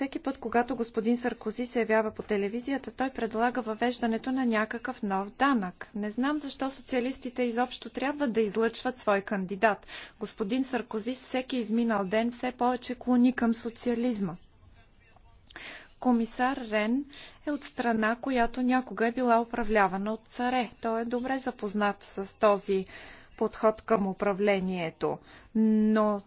Всеки път, когато господин Саркози се явява по телевизията, той предлага въвеждането на някакъв нов данък. Не знам защо социалистите изобщо трябва да излъчват свой кандидат. Господин Саркози всеки изминал ден все повече клони към социализма. Комисар Рен е от страна, която някога е била управлявана от царе. Той е добре запознат с този подход към управлението. Но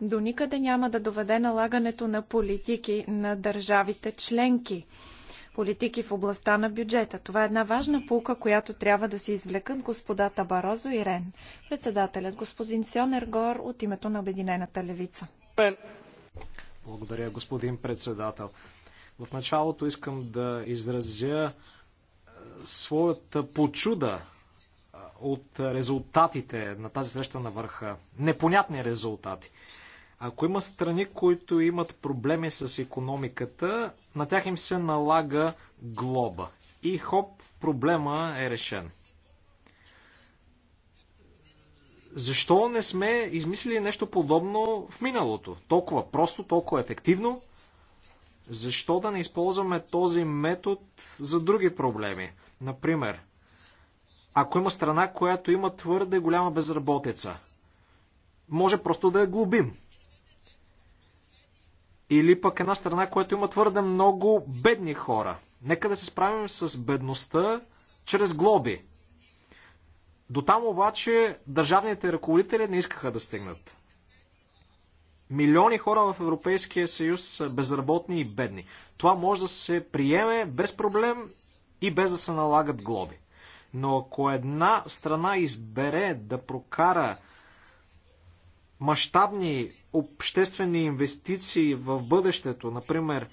до никъде няма да доведе налагането на политики на държавите членки. Политики в областта на бюджета. Това е една важна пулка, която трябва да се извлекат господата Барозо и Рен. Председателят господин Ергор от името на Обединената левица. Благодаря, господин председател. В началото искам да изразя своята почуда от резултатите на тази среща на върха. Непонятни резултати. Ако има страни, които имат проблеми с економиката, на тях им се налага глоба. И хоп, проблема е решен. Защо не сме измислили нещо подобно в миналото? Толкова просто, толкова ефективно. Защо да не използваме този метод за други проблеми? Например, ако има страна, която има твърде голяма безработица, може просто да я глобим или пък една страна, която има твърде много бедни хора. Нека да се справим с бедността чрез глоби. До там обаче държавните ръководители не искаха да стигнат. Милиони хора в Европейския съюз са безработни и бедни. Това може да се приеме без проблем и без да се налагат глоби. Но ако една страна избере да прокара мащабни обществени инвестиции в бъдещето, например,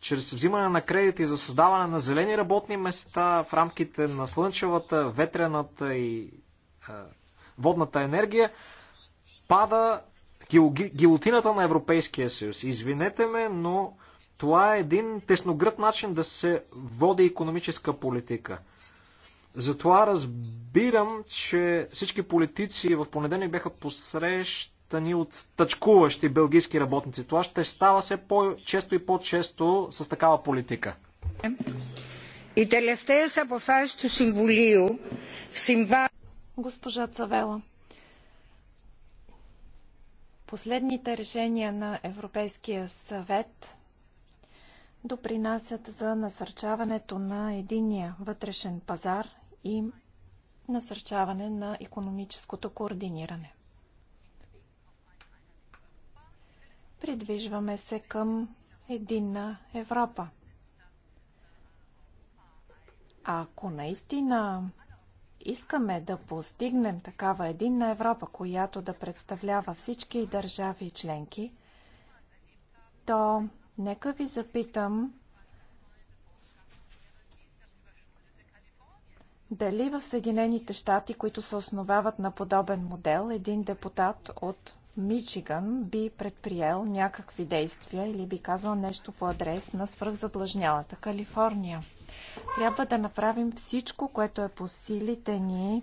чрез взимане на кредити за създаване на зелени работни места в рамките на слънчевата, ветрената и е, водната енергия, пада гилотината на Европейския съюз. Извинете ме, но това е един тесногръд начин да се води економическа политика. Затова разбирам, че всички политици в понеделник бяха посрещ ни от стъчкуващи белгийски работници. Това ще става все по-често и по-често с такава политика. Госпожа Цавела, последните решения на Европейския съвет допринасят за насърчаването на единия вътрешен пазар и насърчаване на економическото координиране. Придвижваме се към единна Европа. Ако наистина искаме да постигнем такава единна Европа, която да представлява всички държави и членки, то нека ви запитам дали в Съединените щати, които се основават на подобен модел, един депутат от Мичиган би предприел някакви действия или би казал нещо по адрес на свръхзадлъжнялата Калифорния. Трябва да направим всичко, което е по силите ни,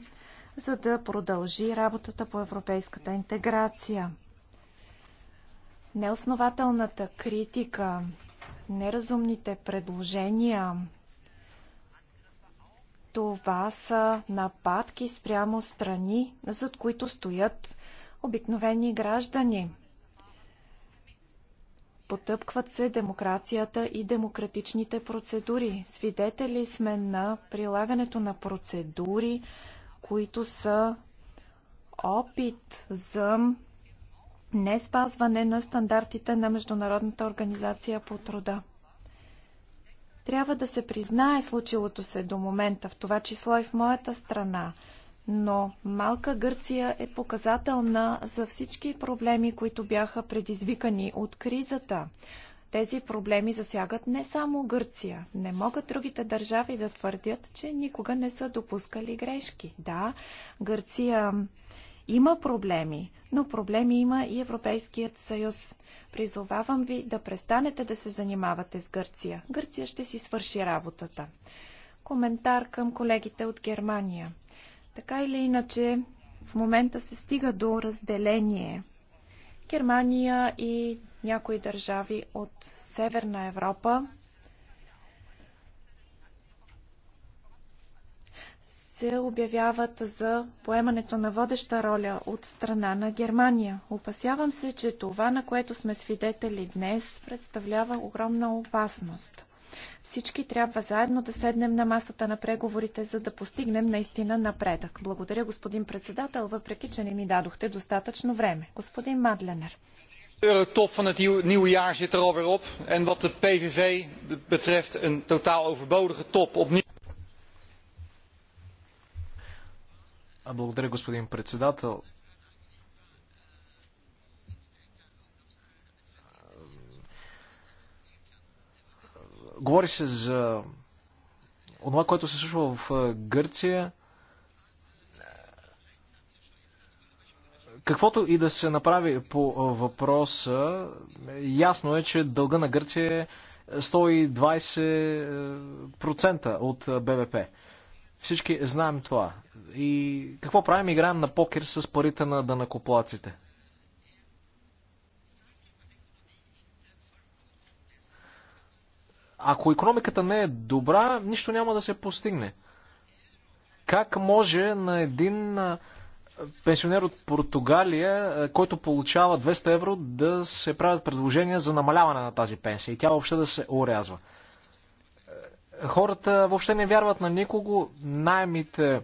за да продължи работата по европейската интеграция. Неоснователната критика, неразумните предложения, това са нападки спрямо страни, зад които стоят обикновени граждани. Потъпкват се демокрацията и демократичните процедури. Свидетели сме на прилагането на процедури, които са опит за не спазване на стандартите на Международната организация по труда. Трябва да се признае случилото се до момента, в това число и в моята страна но малка Гърция е показателна за всички проблеми, които бяха предизвикани от кризата. Тези проблеми засягат не само Гърция. Не могат другите държави да твърдят, че никога не са допускали грешки. Да, Гърция има проблеми, но проблеми има и Европейският съюз. Призовавам ви да престанете да се занимавате с Гърция. Гърция ще си свърши работата. Коментар към колегите от Германия. Така или иначе, в момента се стига до разделение. Германия и някои държави от Северна Европа се обявяват за поемането на водеща роля от страна на Германия. Опасявам се, че това, на което сме свидетели днес, представлява огромна опасност. Всички трябва заедно да седнем на масата на преговорите, за да постигнем наистина напредък. Благодаря, господин председател, въпреки че не ми дадохте достатъчно време. Господин Мадленер. Eurotop е, van het nieuwe jaar zit er alweer op. En wat de PVV betreft, een totaal overbodige top opnieuw. Благодаря, господин председател. Говори се за това, което се случва в Гърция. Каквото и да се направи по въпроса, ясно е, че дълга на Гърция е 120% от БВП. Всички знаем това. И какво правим? Играем на покер с парите на данакоплаците. Ако економиката не е добра, нищо няма да се постигне. Как може на един пенсионер от Португалия, който получава 200 евро, да се правят предложения за намаляване на тази пенсия и тя въобще да се урязва? Хората въобще не вярват на никого, найемите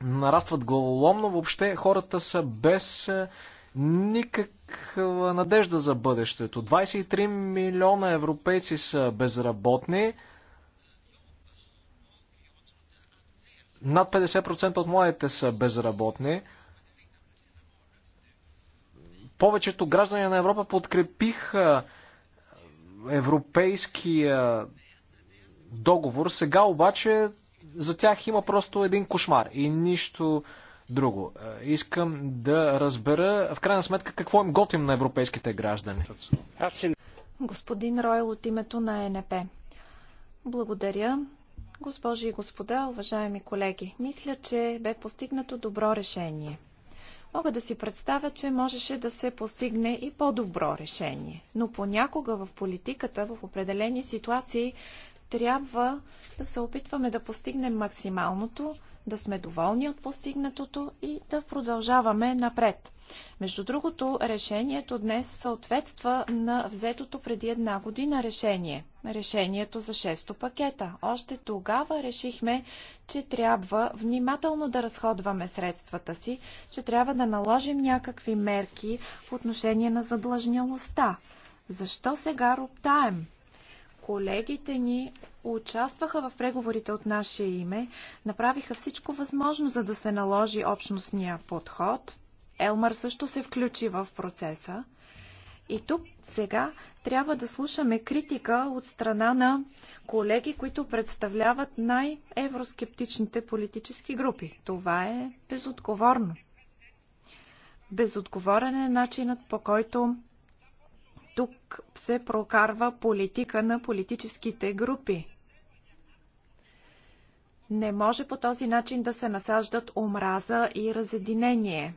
нарастват главоломно, въобще хората са без никаква надежда за бъдещето. 23 милиона европейци са безработни. Над 50% от младите са безработни. Повечето граждани на Европа подкрепиха европейския договор. Сега обаче за тях има просто един кошмар и нищо друго. Е, искам да разбера в крайна сметка какво им готвим на европейските граждани. Господин Ройл от името на ЕНП. Благодаря. Госпожи и господа, уважаеми колеги, мисля, че бе постигнато добро решение. Мога да си представя, че можеше да се постигне и по-добро решение. Но понякога в политиката, в определени ситуации, трябва да се опитваме да постигнем максималното, да сме доволни от постигнатото и да продължаваме напред. Между другото, решението днес съответства на взетото преди една година решение. Решението за 6 пакета. Още тогава решихме, че трябва внимателно да разходваме средствата си, че трябва да наложим някакви мерки в отношение на задлъжнялостта. Защо сега роптаем? Колегите ни участваха в преговорите от наше име, направиха всичко възможно, за да се наложи общностния подход. Елмар също се включи в процеса. И тук сега трябва да слушаме критика от страна на колеги, които представляват най-евроскептичните политически групи. Това е безотговорно. Безотговорен е начинът по който тук се прокарва политика на политическите групи. Не може по този начин да се насаждат омраза и разединение.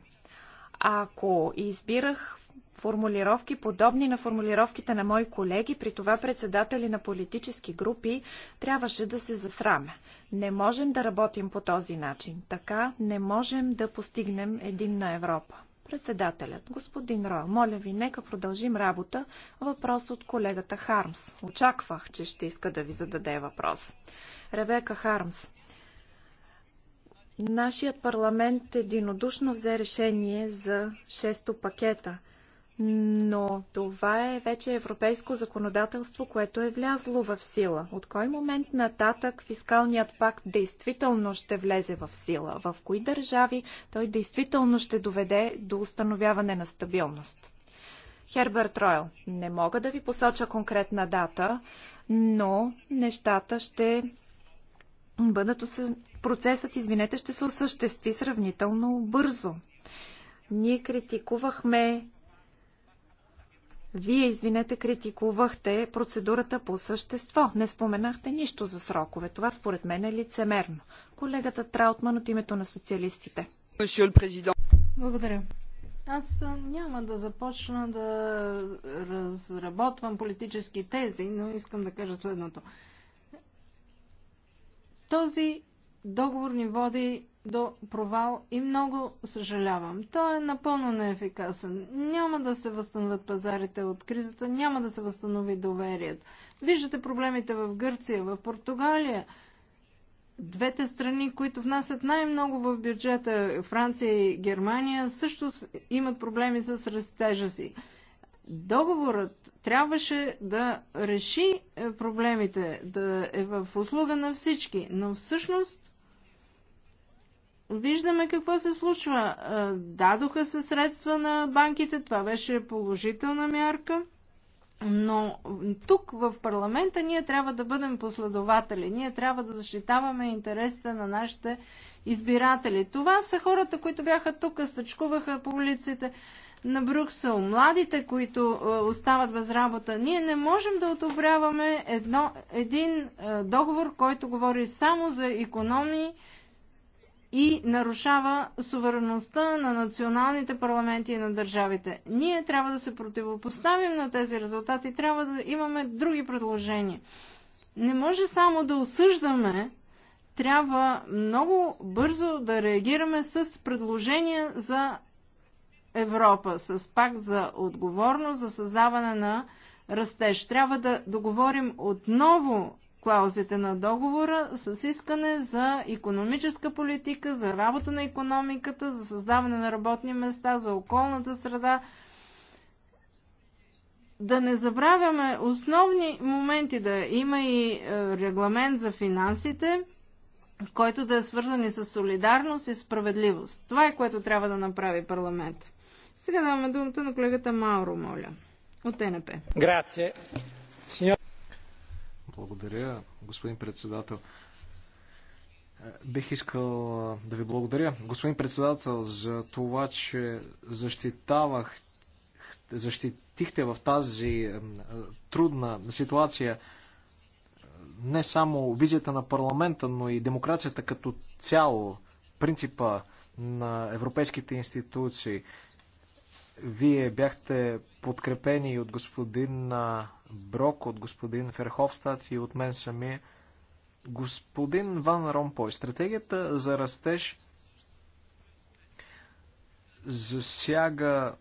Ако избирах формулировки, подобни на формулировките на мои колеги, при това председатели на политически групи, трябваше да се засраме. Не можем да работим по този начин. Така не можем да постигнем на Европа. Председателят, господин Рой, моля ви, нека продължим работа. Въпрос от колегата Хармс. Очаквах, че ще иска да ви зададе въпрос. Ребека Хармс, Нашият парламент единодушно взе решение за шесто пакета но това е вече европейско законодателство, което е влязло в сила. От кой момент нататък фискалният пакт действително ще влезе в сила? В кои държави той действително ще доведе до установяване на стабилност? Херберт Ройл, не мога да ви посоча конкретна дата, но нещата ще бъдат осъ... процесът, извинете, ще се осъществи сравнително бързо. Ние критикувахме вие, извинете, критикувахте процедурата по същество. Не споменахте нищо за срокове. Това според мен е лицемерно. Колегата Траутман от името на социалистите. Благодаря. Аз няма да започна да разработвам политически тези, но искам да кажа следното. Този договор ни води до провал и много съжалявам. Той е напълно неефикасен. Няма да се възстановят пазарите от кризата, няма да се възстанови доверието. Виждате проблемите в Гърция, в Португалия. Двете страни, които внасят най-много в бюджета, Франция и Германия, също имат проблеми с растежа си. Договорът трябваше да реши е, проблемите, да е в услуга на всички, но всъщност виждаме какво се случва. Е, дадоха се средства на банките, това беше положителна мярка, но тук в парламента ние трябва да бъдем последователи, ние трябва да защитаваме интересите на нашите избиратели. Това са хората, които бяха тук, стъчкуваха по улиците на Брюксел, младите, които е, остават без работа. Ние не можем да одобряваме едно, един е, договор, който говори само за економии, и нарушава сувереността на националните парламенти и на държавите. Ние трябва да се противопоставим на тези резултати, трябва да имаме други предложения. Не може само да осъждаме, трябва много бързо да реагираме с предложения за Европа, с пакт за отговорност, за създаване на растеж. Трябва да договорим отново клаузите на договора с искане за економическа политика, за работа на економиката, за създаване на работни места, за околната среда. Да не забравяме основни моменти, да има и е, регламент за финансите, който да е свързан и с солидарност и справедливост. Това е което трябва да направи парламент. Сега даваме думата на колегата Мауро, моля, от ТНП. Грация. Благодаря, господин председател. Бих искал да ви благодаря, господин председател, за това, че защитавах, защитихте в тази трудна ситуация не само визията на парламента, но и демокрацията като цяло, принципа на европейските институции. Вие бяхте подкрепени от господин Брок, от господин Ферховстат и от мен самия. Господин Ван Ромпой, стратегията за растеж засяга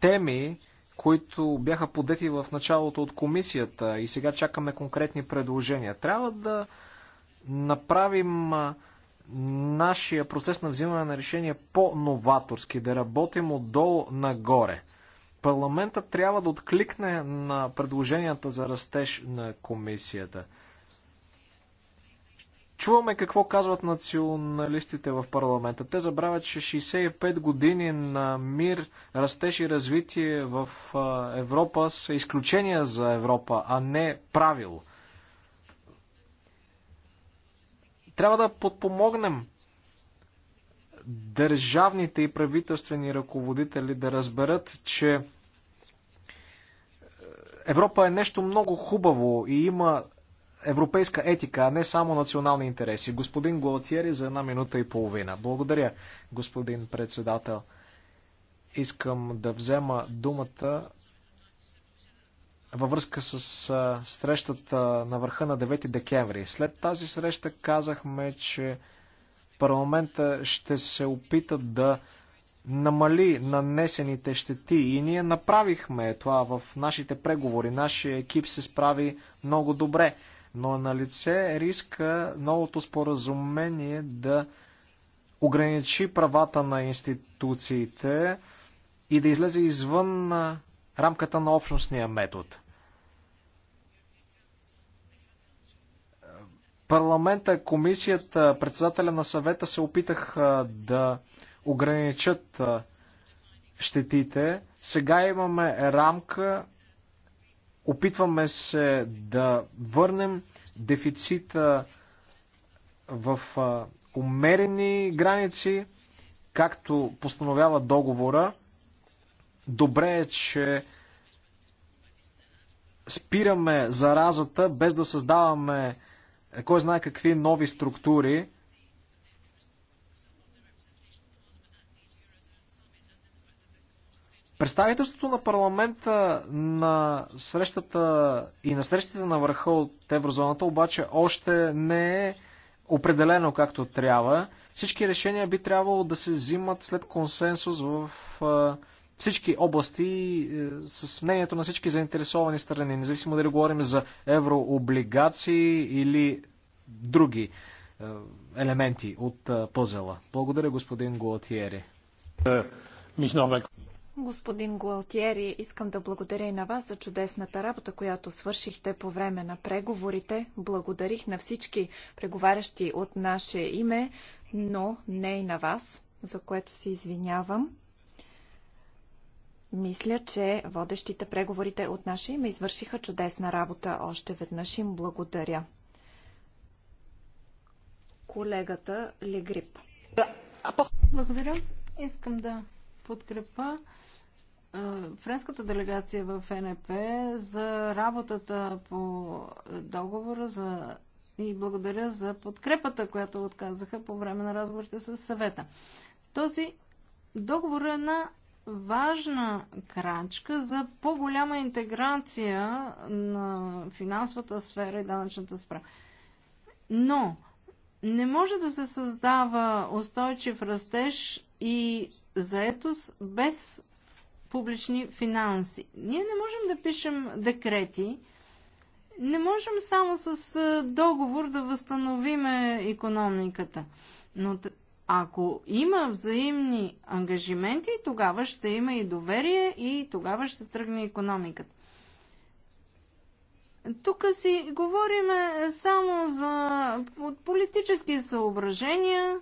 теми, които бяха подети в началото от комисията и сега чакаме конкретни предложения. Трябва да направим нашия процес на взимане на решение по-новаторски, да работим отдолу нагоре. Парламента трябва да откликне на предложенията за растеж на комисията. Чуваме какво казват националистите в парламента. Те забравят, че 65 години на мир, растеж и развитие в Европа са изключения за Европа, а не правило. Трябва да подпомогнем държавните и правителствени ръководители да разберат, че Европа е нещо много хубаво и има европейска етика, а не само национални интереси. Господин Голтиери за една минута и половина. Благодаря, господин председател. Искам да взема думата във връзка с срещата на върха на 9 декември. След тази среща казахме, че парламента ще се опита да намали нанесените щети и ние направихме това в нашите преговори. Нашия екип се справи много добре, но е на лице риска новото споразумение да ограничи правата на институциите и да излезе извън рамката на общностния метод. Парламента, комисията, председателя на съвета се опитаха да ограничат щетите. Сега имаме рамка, опитваме се да върнем дефицита в умерени граници, както постановява договора. Добре е, че спираме заразата без да създаваме кой знае какви нови структури. Представителството на парламента на срещата и на срещите на върха от еврозоната обаче още не е определено както трябва. Всички решения би трябвало да се взимат след консенсус в всички области, е, с мнението на всички заинтересовани страни, независимо дали говорим за еврооблигации или други е, елементи от е, пъзела. Благодаря, господин Гуалтиери. Господин Гуалтиери, искам да благодаря и на вас за чудесната работа, която свършихте по време на преговорите. Благодарих на всички преговарящи от наше име, но не и на вас, за което се извинявам. Мисля, че водещите преговорите от наше име извършиха чудесна работа. Още веднъж им благодаря. Колегата Легрип. Благодаря. Искам да подкрепа френската делегация в НП за работата по договора за... и благодаря за подкрепата, която отказаха по време на разговорите с съвета. Този договор е на важна крачка за по-голяма интеграция на финансовата сфера и данъчната сфера. Но не може да се създава устойчив растеж и заетост без публични финанси. Ние не можем да пишем декрети, не можем само с договор да възстановиме економиката. Но ако има взаимни ангажименти, тогава ще има и доверие и тогава ще тръгне економиката. Тук си говорим само за политически съображения.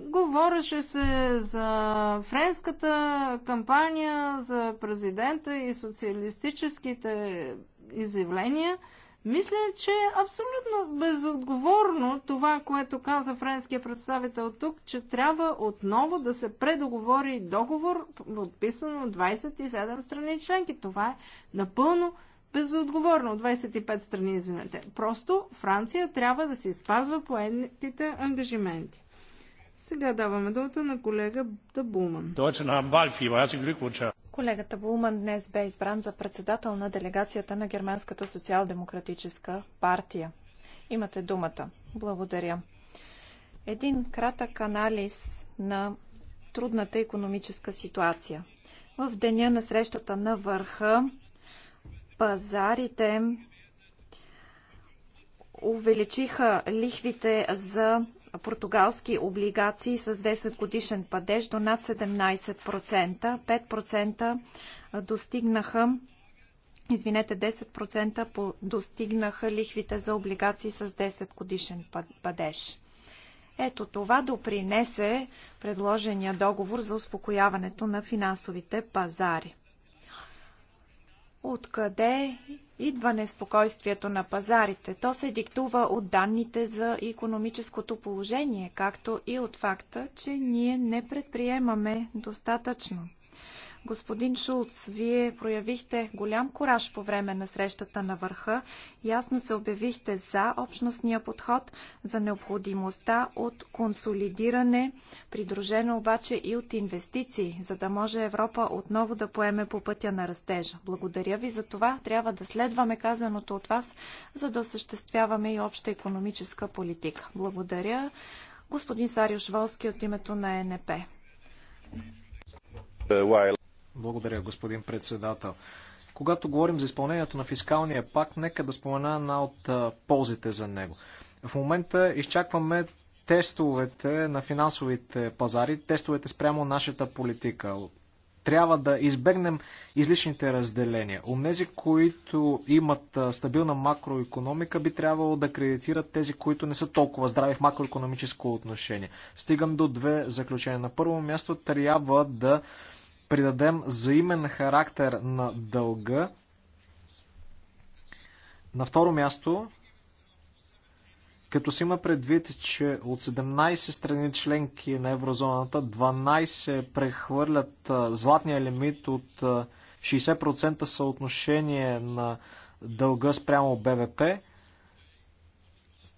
Говореше се за френската кампания, за президента и социалистическите изявления – мисля, че е абсолютно безотговорно това, което каза френския представител тук, че трябва отново да се предоговори договор, подписан от 27 страни членки. Това е напълно безотговорно. 25 страни, извинете. Просто Франция трябва да се изпазва поетите ангажименти. Сега даваме думата на колега Табулман. Колегата Булман днес бе избран за председател на делегацията на Германската социал-демократическа партия. Имате думата. Благодаря. Един кратък анализ на трудната економическа ситуация. В деня на срещата на върха пазарите увеличиха лихвите за португалски облигации с 10 годишен падеж до над 17%. 5% достигнаха Извинете, 10% достигнаха лихвите за облигации с 10 годишен падеж. Ето това допринесе предложения договор за успокояването на финансовите пазари. Откъде идва неспокойствието на пазарите. То се диктува от данните за економическото положение, както и от факта, че ние не предприемаме достатъчно. Господин Шулц, вие проявихте голям кораж по време на срещата на върха. Ясно се обявихте за общностния подход, за необходимостта от консолидиране, придружено обаче и от инвестиции, за да може Европа отново да поеме по пътя на растежа. Благодаря ви за това. Трябва да следваме казаното от вас, за да осъществяваме и обща економическа политика. Благодаря. Господин Сариош Волски от името на ЕНП. Е, благодаря, господин председател. Когато говорим за изпълнението на фискалния пакт, нека да спомена една от ползите за него. В момента изчакваме тестовете на финансовите пазари, тестовете спрямо нашата политика. Трябва да избегнем излишните разделения. Онези, които имат стабилна макроекономика, би трябвало да кредитират тези, които не са толкова здрави в макроекономическо отношение. Стигам до две заключения. На първо място трябва да придадем взаимен характер на дълга. На второ място, като си има предвид, че от 17 страни членки на еврозоната 12 прехвърлят златния лимит от 60% съотношение на дълга спрямо БВП,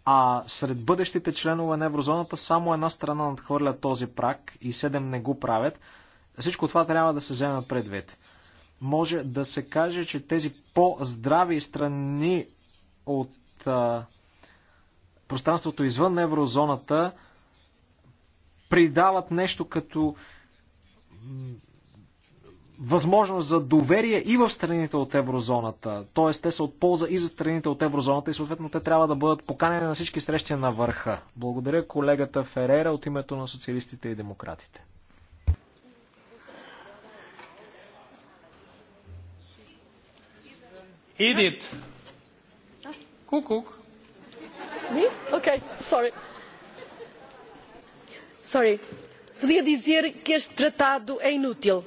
а сред бъдещите членове на еврозоната само една страна надхвърля този прак и 7 не го правят, всичко това трябва да се вземе предвид. Може да се каже, че тези по-здрави страни от а, пространството извън еврозоната придават нещо като възможност за доверие и в страните от еврозоната. Тоест, те са от полза и за страните от еврозоната и съответно те трябва да бъдат поканени на всички срещи на върха. Благодаря колегата Ферера от името на социалистите и демократите. Edith. Kuckuck. Me? Ok, sorry. Sorry. Podia dizer que este tratado é inútil.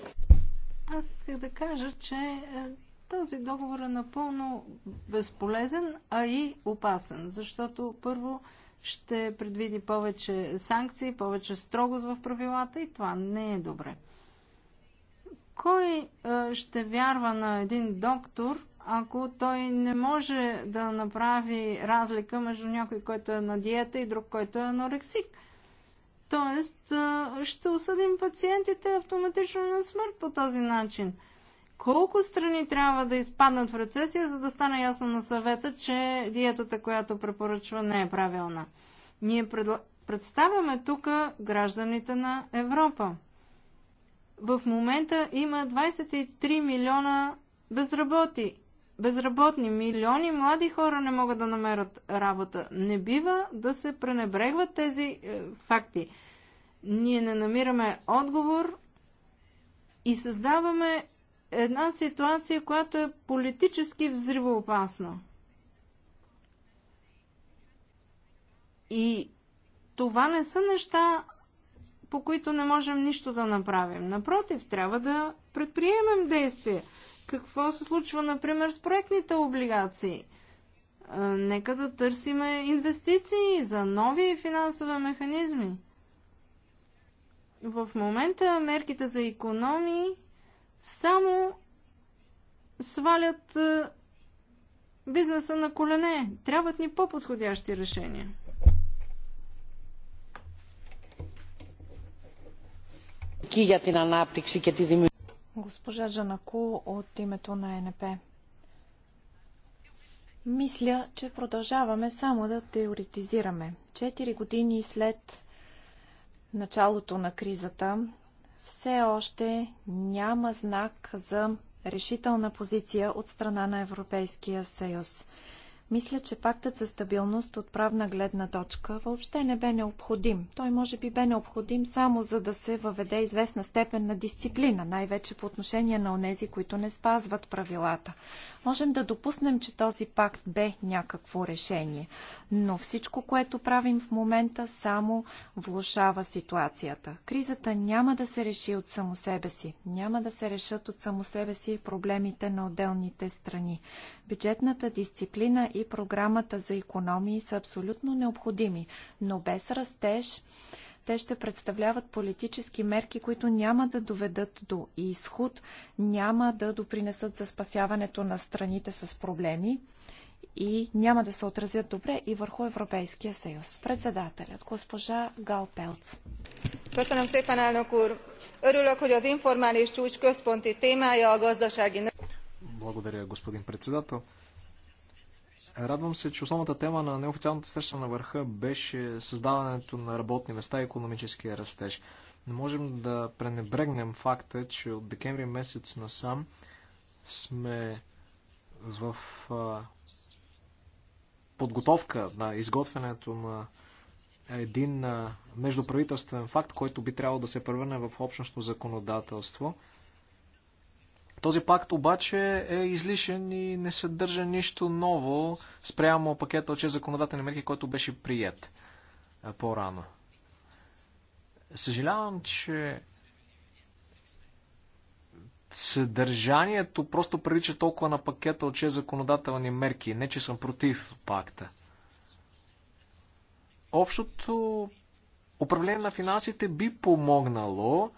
Аз исках да кажа, че е, този договор е напълно безполезен, а и опасен, защото първо ще предвиди повече санкции, повече строгост в правилата и това не е добре. Кой е, ще вярва на един доктор, ако той не може да направи разлика между някой, който е на диета и друг, който е анорексик. Тоест, ще осъдим пациентите автоматично на смърт по този начин. Колко страни трябва да изпаднат в рецесия, за да стане ясно на съвета, че диетата, която препоръчва, не е правилна? Ние представяме тук гражданите на Европа. В момента има 23 милиона безработи безработни, милиони млади хора не могат да намерят работа. Не бива да се пренебрегват тези е, факти. Ние не намираме отговор и създаваме една ситуация, която е политически взривоопасна. И това не са неща, по които не можем нищо да направим. Напротив, трябва да предприемем действия какво се случва, например, с проектните облигации. Нека да търсиме инвестиции за нови финансови механизми. В момента мерките за економии само свалят бизнеса на колене. Трябват ни по-подходящи решения. Кия την ανάπτυξη και τη δημιουργία. Госпожа Жанако от името на НП. Мисля, че продължаваме само да теоретизираме. Четири години след началото на кризата все още няма знак за решителна позиция от страна на Европейския съюз. Мисля, че пактът за стабилност от правна гледна точка въобще не бе необходим. Той може би бе необходим само за да се въведе известна степен на дисциплина, най-вече по отношение на онези, които не спазват правилата. Можем да допуснем, че този пакт бе някакво решение, но всичко, което правим в момента, само влушава ситуацията. Кризата няма да се реши от само себе си. Няма да се решат от само себе си проблемите на отделните страни. Бюджетната дисциплина и и програмата за економии са абсолютно необходими, но без растеж те ще представляват политически мерки, които няма да доведат до изход, няма да допринесат за спасяването на страните с проблеми и няма да се отразят добре и върху Европейския съюз. Председателят госпожа Гал Пелц. Köszönöm szépen, elnök úr! Örülök, hogy az informális csúcs központi témája a gazdasági... Благодаря, господин председател. Радвам се, че основната тема на неофициалната среща на върха беше създаването на работни места и економическия растеж. Не можем да пренебрегнем факта, че от декември месец насам сме в подготовка на изготвянето на един междуправителствен факт, който би трябвало да се превърне в общностно законодателство – този пакт обаче е излишен и не съдържа нищо ново спрямо пакета от 6 законодателни мерки, който беше прият по-рано. Съжалявам, че съдържанието просто прилича толкова на пакета от 6 законодателни мерки. Не, че съм против пакта. Общото управление на финансите би помогнало,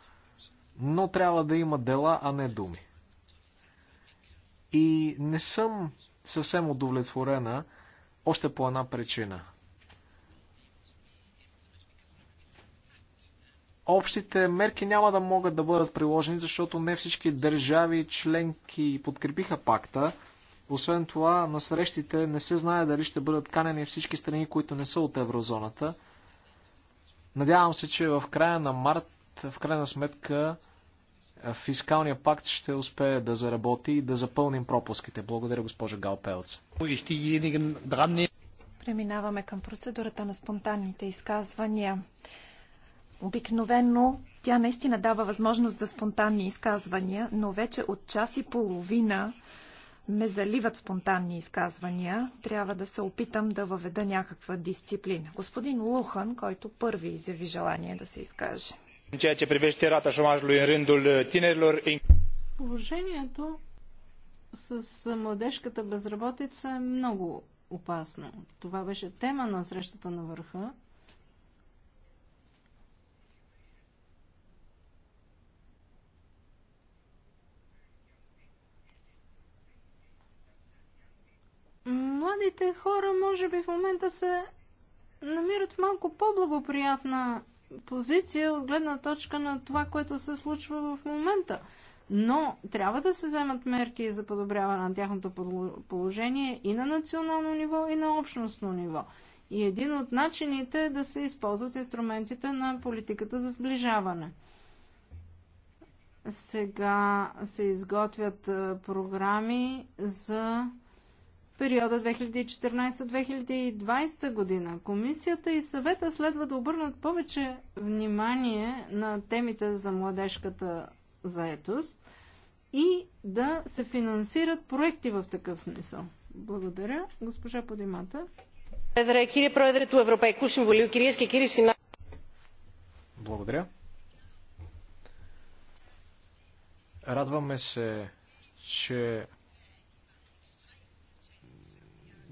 но трябва да има дела, а не думи. И не съм съвсем удовлетворена още по една причина. Общите мерки няма да могат да бъдат приложени, защото не всички държави членки подкрепиха пакта. Освен това, на срещите не се знае дали ще бъдат канени всички страни, които не са от еврозоната. Надявам се, че в края на март, в крайна сметка, фискалния пакт ще успее да заработи и да запълним пропуските. Благодаря, госпожа Галпелц. Преминаваме към процедурата на спонтанните изказвания. Обикновено тя наистина дава възможност за спонтанни изказвания, но вече от час и половина ме заливат спонтанни изказвания. Трябва да се опитам да въведа някаква дисциплина. Господин Лухан, който първи изяви желание да се изкаже în ceea ce privește rata șomajului în rândul uh, tinerilor. Положението с младежката безработица е много опасно. Това беше тема на срещата на върха. Младите хора може би в момента се намират в малко по-благоприятна позиция от гледна точка на това, което се случва в момента. Но трябва да се вземат мерки за подобряване на тяхното положение и на национално ниво, и на общностно ниво. И един от начините е да се използват инструментите на политиката за сближаване. Сега се изготвят програми за периода 2014-2020 година. Комисията и съвета следва да обърнат повече внимание на темите за младежката заетост и да се финансират проекти в такъв смисъл. Благодаря. Госпожа Подимата. Благодаря. Радваме се, че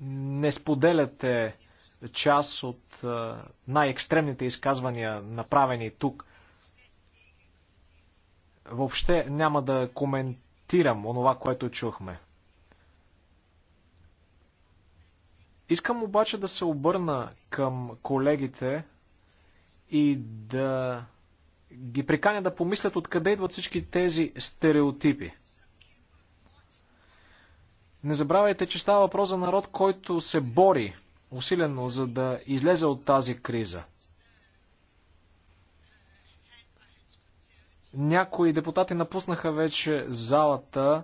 не споделяте част от най-екстремните изказвания, направени тук. Въобще няма да коментирам онова, което чухме. Искам обаче да се обърна към колегите и да ги приканя да помислят откъде идват всички тези стереотипи. Не забравяйте, че става въпрос за народ, който се бори усилено, за да излезе от тази криза. Някои депутати напуснаха вече залата.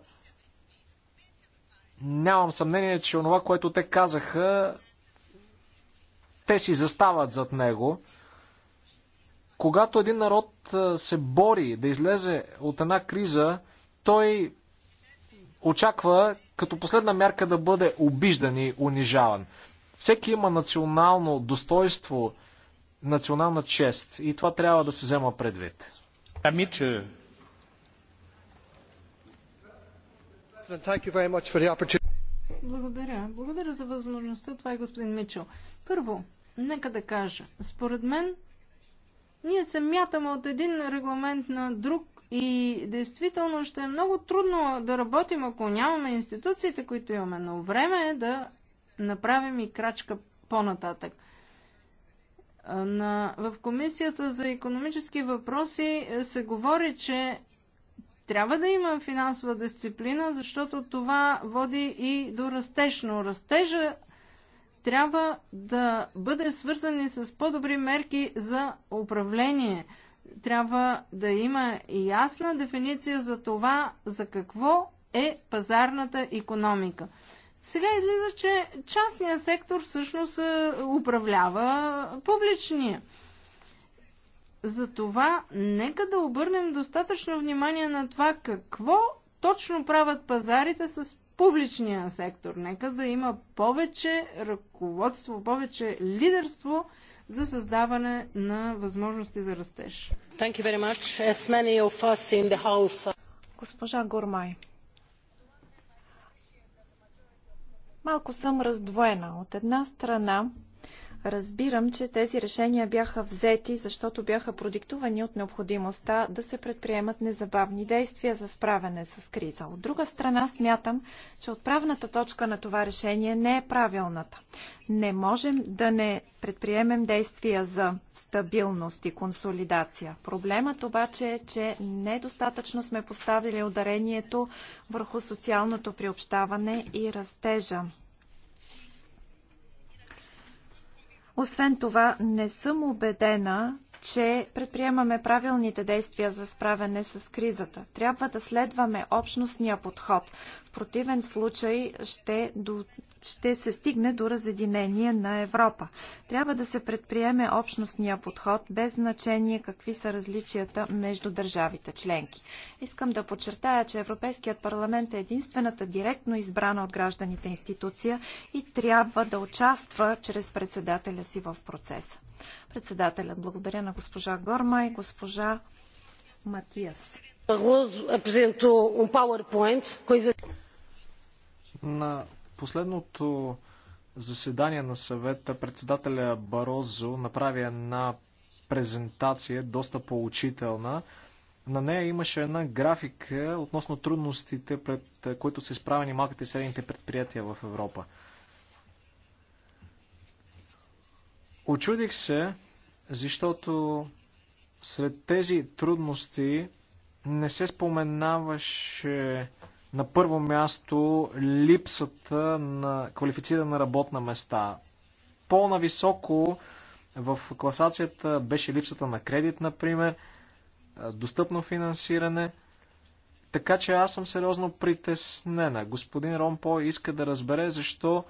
Нямам съмнение, че онова, което те казаха, те си застават зад него. Когато един народ се бори да излезе от една криза, той очаква като последна мярка да бъде обиждан и унижаван. Всеки има национално достоинство, национална чест и това трябва да се взема предвид. Ами, че... Благодаря. Благодаря за възможността. Това е господин Мичел. Първо, нека да кажа. Според мен, ние се мятаме от един регламент на друг и действително ще е много трудно да работим, ако нямаме институциите, които имаме. Но време е да направим и крачка по-нататък. На, в Комисията за економически въпроси е, се говори, че трябва да има финансова дисциплина, защото това води и до растеж. Но растежа трябва да бъде свързани с по-добри мерки за управление – трябва да има ясна дефиниция за това, за какво е пазарната економика. Сега излиза, че частния сектор всъщност е, управлява публичния. Затова нека да обърнем достатъчно внимание на това какво точно правят пазарите с публичния сектор. Нека да има повече ръководство, повече лидерство за създаване на възможности за растеж. Госпожа Гормай, малко съм раздвоена. От една страна Разбирам, че тези решения бяха взети, защото бяха продиктувани от необходимостта да се предприемат незабавни действия за справяне с криза. От друга страна, смятам, че отправната точка на това решение не е правилната. Не можем да не предприемем действия за стабилност и консолидация. Проблемът обаче е, че недостатъчно сме поставили ударението върху социалното приобщаване и растежа. Освен това, не съм убедена, че предприемаме правилните действия за справяне с кризата. Трябва да следваме общностния подход. В противен случай ще до ще се стигне до разединение на Европа. Трябва да се предприеме общностния подход, без значение какви са различията между държавите членки. Искам да подчертая, че Европейският парламент е единствената директно избрана от гражданите институция и трябва да участва чрез председателя си в процеса. Председателят благодаря на госпожа Горма и госпожа Матиас. Barroso apresentou um PowerPoint, coisa. Na последното заседание на съвета председателя Барозо направи една презентация, доста поучителна. На нея имаше една графика относно трудностите, пред които са изправени малките и средните предприятия в Европа. Очудих се, защото сред тези трудности не се споменаваше на първо място липсата на квалифицирана работна места. По-нависоко в класацията беше липсата на кредит, например, достъпно финансиране. Така че аз съм сериозно притеснена. Господин Ромпо иска да разбере защо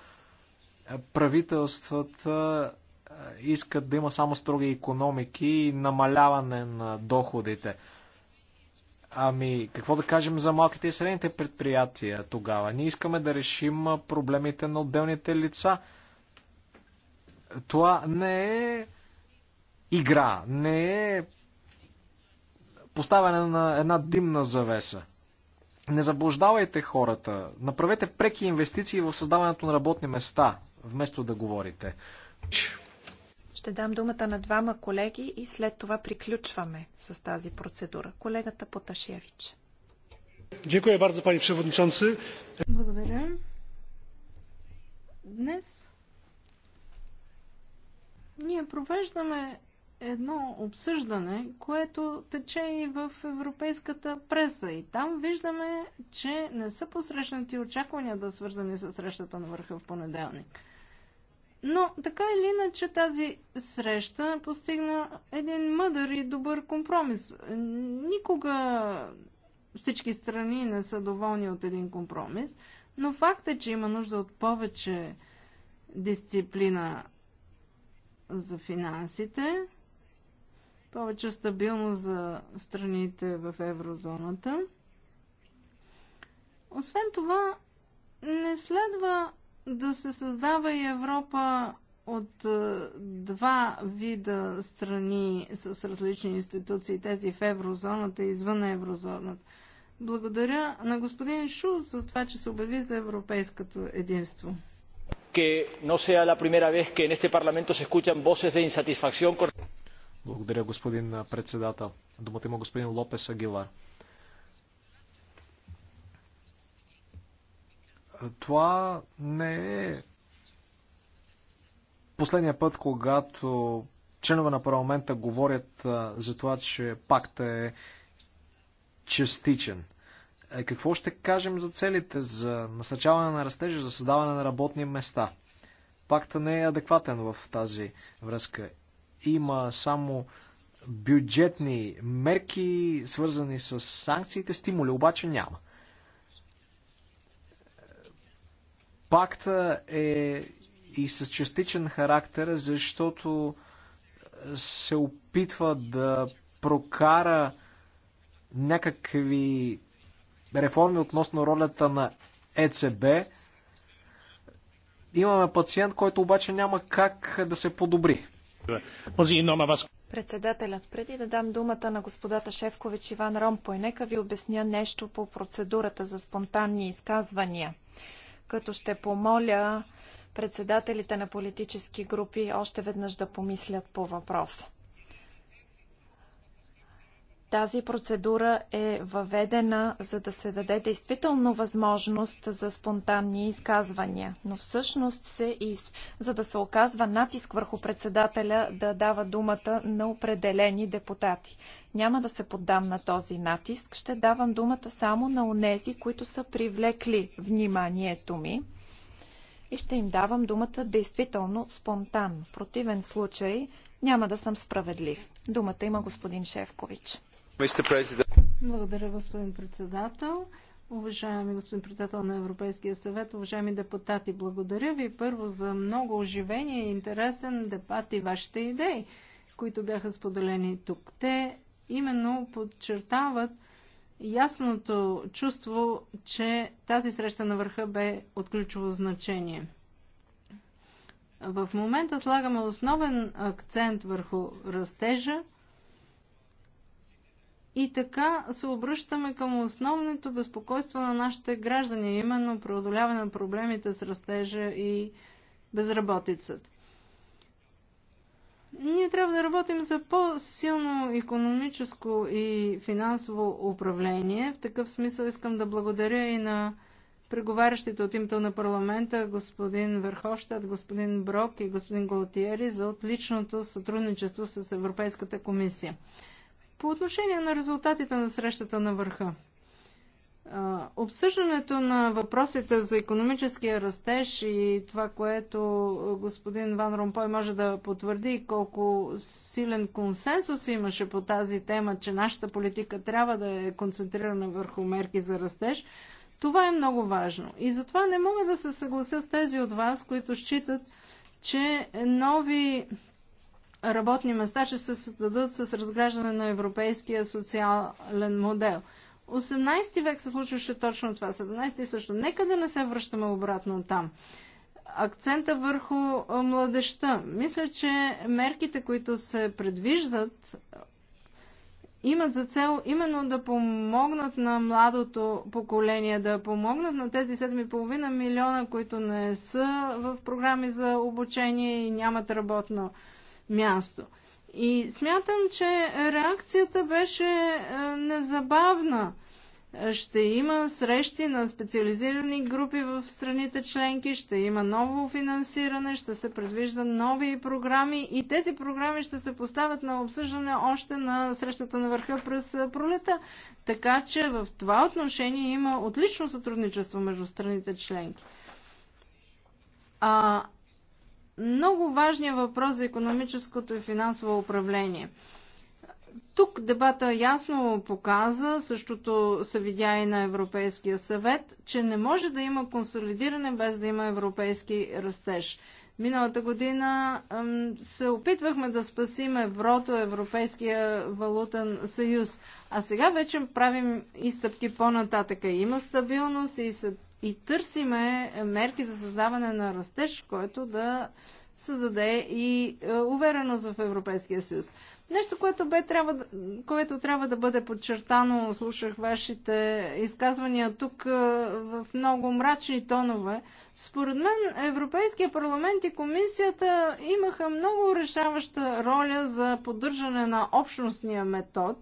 правителствата е, искат да има само строги економики и намаляване на доходите. Ами, какво да кажем за малките и средните предприятия тогава? Ние искаме да решим проблемите на отделните лица. Това не е игра, не е поставяне на една димна завеса. Не заблуждавайте хората. Направете преки инвестиции в създаването на работни места, вместо да говорите. Ще дам думата на двама колеги и след това приключваме с тази процедура. Колегата Поташевич. Благодаря. Днес ние провеждаме едно обсъждане, което тече и в европейската преса. И там виждаме, че не са посрещнати очакванията, да свързани с срещата на върха в понеделник. Но така или иначе тази среща постигна един мъдър и добър компромис. Никога всички страни не са доволни от един компромис, но факт е, че има нужда от повече дисциплина за финансите, повече стабилност за страните в еврозоната. Освен това, не следва да се създава и Европа от е, два вида страни с различни институции, тези в еврозоната и извън еврозоната. Благодаря на господин Шу за това, че се обяви за европейското единство. Благодаря, господин председател. Думата има господин Лопес Агилар. Това не е последния път, когато членове на парламента говорят за това, че пакта е частичен. Е, какво ще кажем за целите за насърчаване на растежа, за създаване на работни места? Пакта не е адекватен в тази връзка. Има само бюджетни мерки, свързани с санкциите, стимули обаче няма. Пакта е и с частичен характер, защото се опитва да прокара някакви реформи относно ролята на ЕЦБ. Имаме пациент, който обаче няма как да се подобри. Председателят, преди да дам думата на господата Шефкович Иван Ромпой, нека ви обясня нещо по процедурата за спонтанни изказвания като ще помоля председателите на политически групи още веднъж да помислят по въпроса. Тази процедура е въведена, за да се даде действително възможност за спонтанни изказвания, но всъщност се из... за да се оказва натиск върху председателя да дава думата на определени депутати. Няма да се поддам на този натиск, ще давам думата само на онези, които са привлекли вниманието ми и ще им давам думата действително спонтанно. В противен случай няма да съм справедлив. Думата има господин Шевкович. Благодаря, господин председател. Уважаеми господин председател на Европейския съвет, уважаеми депутати, благодаря ви първо за много оживение и интересен дебат и вашите идеи, които бяха споделени тук. Те именно подчертават ясното чувство, че тази среща на върха бе от ключово значение. В момента слагаме основен акцент върху растежа, и така се обръщаме към основното безпокойство на нашите граждани, именно преодоляване на проблемите с растежа и безработицата. Ние трябва да работим за по-силно економическо и финансово управление. В такъв смисъл искам да благодаря и на преговарящите от името на парламента, господин Върховщад, господин Брок и господин Голтиери за отличното сътрудничество с Европейската комисия. По отношение на резултатите на срещата на върха. Обсъждането на въпросите за економическия растеж и това, което господин Ван Ромпой може да потвърди, колко силен консенсус имаше по тази тема, че нашата политика трябва да е концентрирана върху мерки за растеж, това е много важно. И затова не мога да се съглася с тези от вас, които считат, че нови работни места ще се създадат с разграждане на европейския социален модел. 18 век се случваше точно това, 17 също. Нека да не се връщаме обратно там. Акцента върху младеща. Мисля, че мерките, които се предвиждат, имат за цел именно да помогнат на младото поколение, да помогнат на тези 7,5 милиона, които не са в програми за обучение и нямат работно място. И смятам, че реакцията беше е, незабавна. Ще има срещи на специализирани групи в страните членки, ще има ново финансиране, ще се предвиждат нови програми и тези програми ще се поставят на обсъждане още на срещата на върха през е, пролета. Така че в това отношение има отлично сътрудничество между страните членки. А много важния въпрос за економическото и финансово управление. Тук дебата ясно показа, същото се видя и на Европейския съвет, че не може да има консолидиране без да има европейски растеж. Миналата година се опитвахме да спасим еврото, Европейския валутен съюз, а сега вече правим и стъпки по-нататъка. Има стабилност и се и търсиме мерки за създаване на растеж, който да създаде и е, увереност в Европейския съюз. Нещо, което, бе, трябва, което трябва да бъде подчертано, слушах вашите изказвания тук е, в много мрачни тонове. Според мен Европейския парламент и комисията имаха много решаваща роля за поддържане на общностния метод,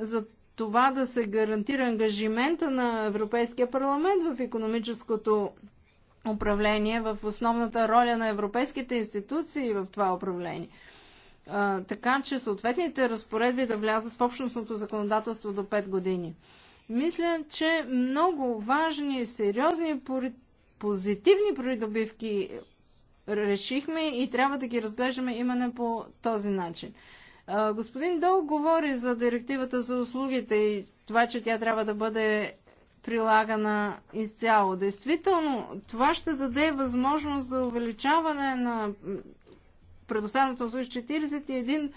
за това да се гарантира ангажимента на Европейския парламент в економическото управление, в основната роля на европейските институции в това управление. А, така че съответните разпоредби да влязат в общностното законодателство до 5 години. Мисля, че много важни, сериозни, позитивни придобивки решихме и трябва да ги разглеждаме именно по този начин. Господин Дол говори за директивата за услугите и това, че тя трябва да бъде прилагана изцяло. Действително, това ще даде възможност за увеличаване на предоставената услуги с 41%.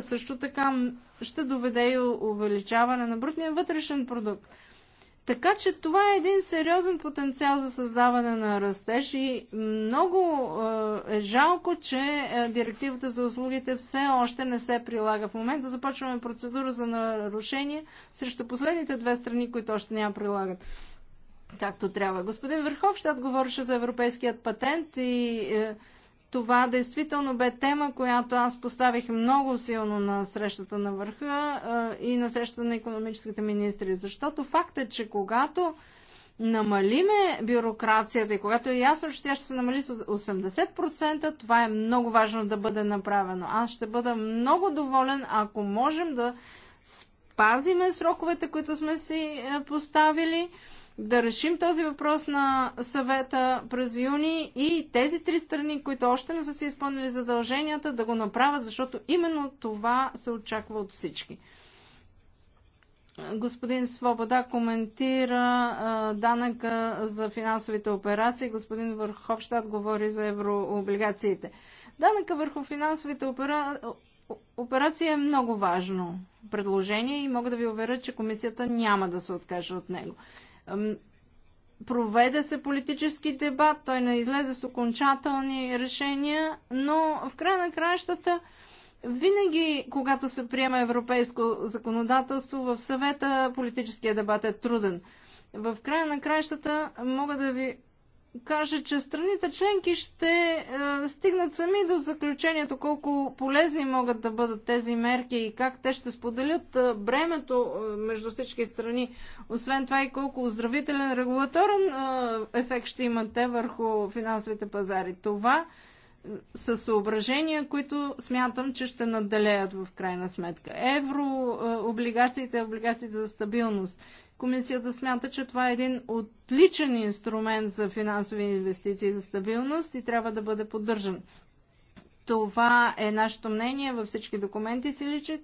Също така ще доведе и увеличаване на брутния вътрешен продукт. Така че това е един сериозен потенциал за създаване на растеж и много е, е жалко, че е, директивата за услугите все още не се прилага. В момента започваме процедура за нарушение срещу последните две страни, които още няма прилагат както трябва. Господин ще отговореше за европейският патент и е, това действително бе тема, която аз поставих много силно на срещата на върха и на срещата на економическите министри. Защото факт е, че когато намалиме бюрокрацията и когато е ясно, че тя ще се намали с 80%, това е много важно да бъде направено. Аз ще бъда много доволен, ако можем да спазиме сроковете, които сме си е, поставили да решим този въпрос на съвета през юни и тези три страни, които още не са си изпълнили задълженията, да го направят, защото именно това се очаква от всички. Господин Свобода коментира а, данъка за финансовите операции. Господин Върховщад говори за еврооблигациите. Данъка върху финансовите опера... операции е много важно предложение и мога да ви уверя, че комисията няма да се откаже от него. Проведе се политически дебат, той не излезе с окончателни решения, но в края на краищата винаги, когато се приема европейско законодателство, в съвета политическия дебат е труден. В края на краищата мога да ви каже, че страните членки ще е, стигнат сами до заключението колко полезни могат да бъдат тези мерки и как те ще споделят е, бремето е, между всички страни. Освен това и колко оздравителен регулаторен ефект ще имат те върху финансовите пазари. Това са съображения, които смятам, че ще надделеят в крайна сметка. Евро, облигациите, облигациите за стабилност – Комисията смята, че това е един отличен инструмент за финансови инвестиции за стабилност и трябва да бъде поддържан. Това е нашето мнение във всички документи си личи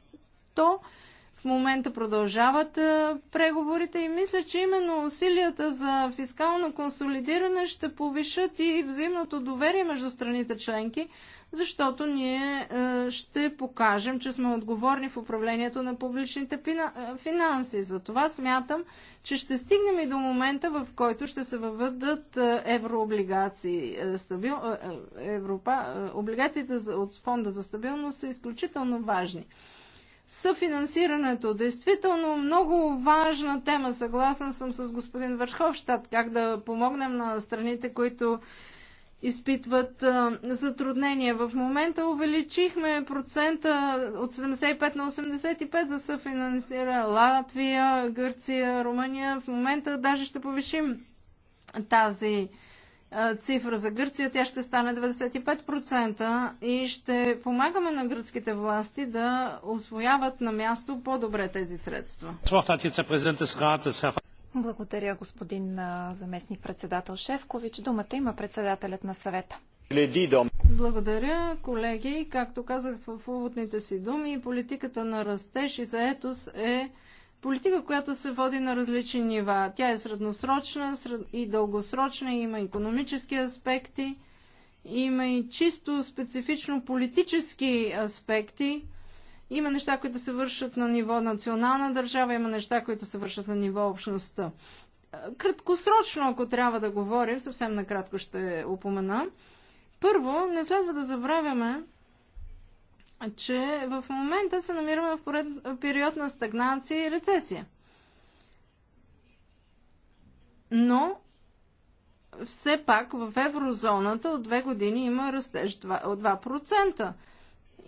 то. В момента продължават е, преговорите и мисля, че именно усилията за фискално консолидиране ще повишат и взаимното доверие между страните членки, защото ние е, ще покажем, че сме отговорни в управлението на публичните е, финанси. Затова смятам, че ще стигнем и до момента, в който ще се въведат е, еврооблигации. Стабил... Европа... Облигациите от Фонда за стабилност са изключително важни съфинансирането. Действително много важна тема. Съгласен съм с господин Върховщад, как да помогнем на страните, които изпитват затруднения. В момента увеличихме процента от 75 на 85 за съфинансира Латвия, Гърция, Румъния. В момента даже ще повишим тази цифра за Гърция. Тя ще стане 95% и ще помагаме на гръцките власти да освояват на място по-добре тези средства. Благодаря, господин заместник председател Шефкович. Думата има председателят на съвета. Благодаря, колеги. Както казах в уводните си думи, политиката на растеж и заетост е политика, която се води на различни нива. Тя е средносрочна и дългосрочна, има економически аспекти, има и чисто специфично политически аспекти – има неща, които се вършат на ниво национална държава, има неща, които се вършат на ниво общността. Краткосрочно, ако трябва да говорим, съвсем накратко ще упомена. Първо, не следва да забравяме, че в момента се намираме в поред... период на стагнация и рецесия. Но все пак в еврозоната от две години има растеж от 2%.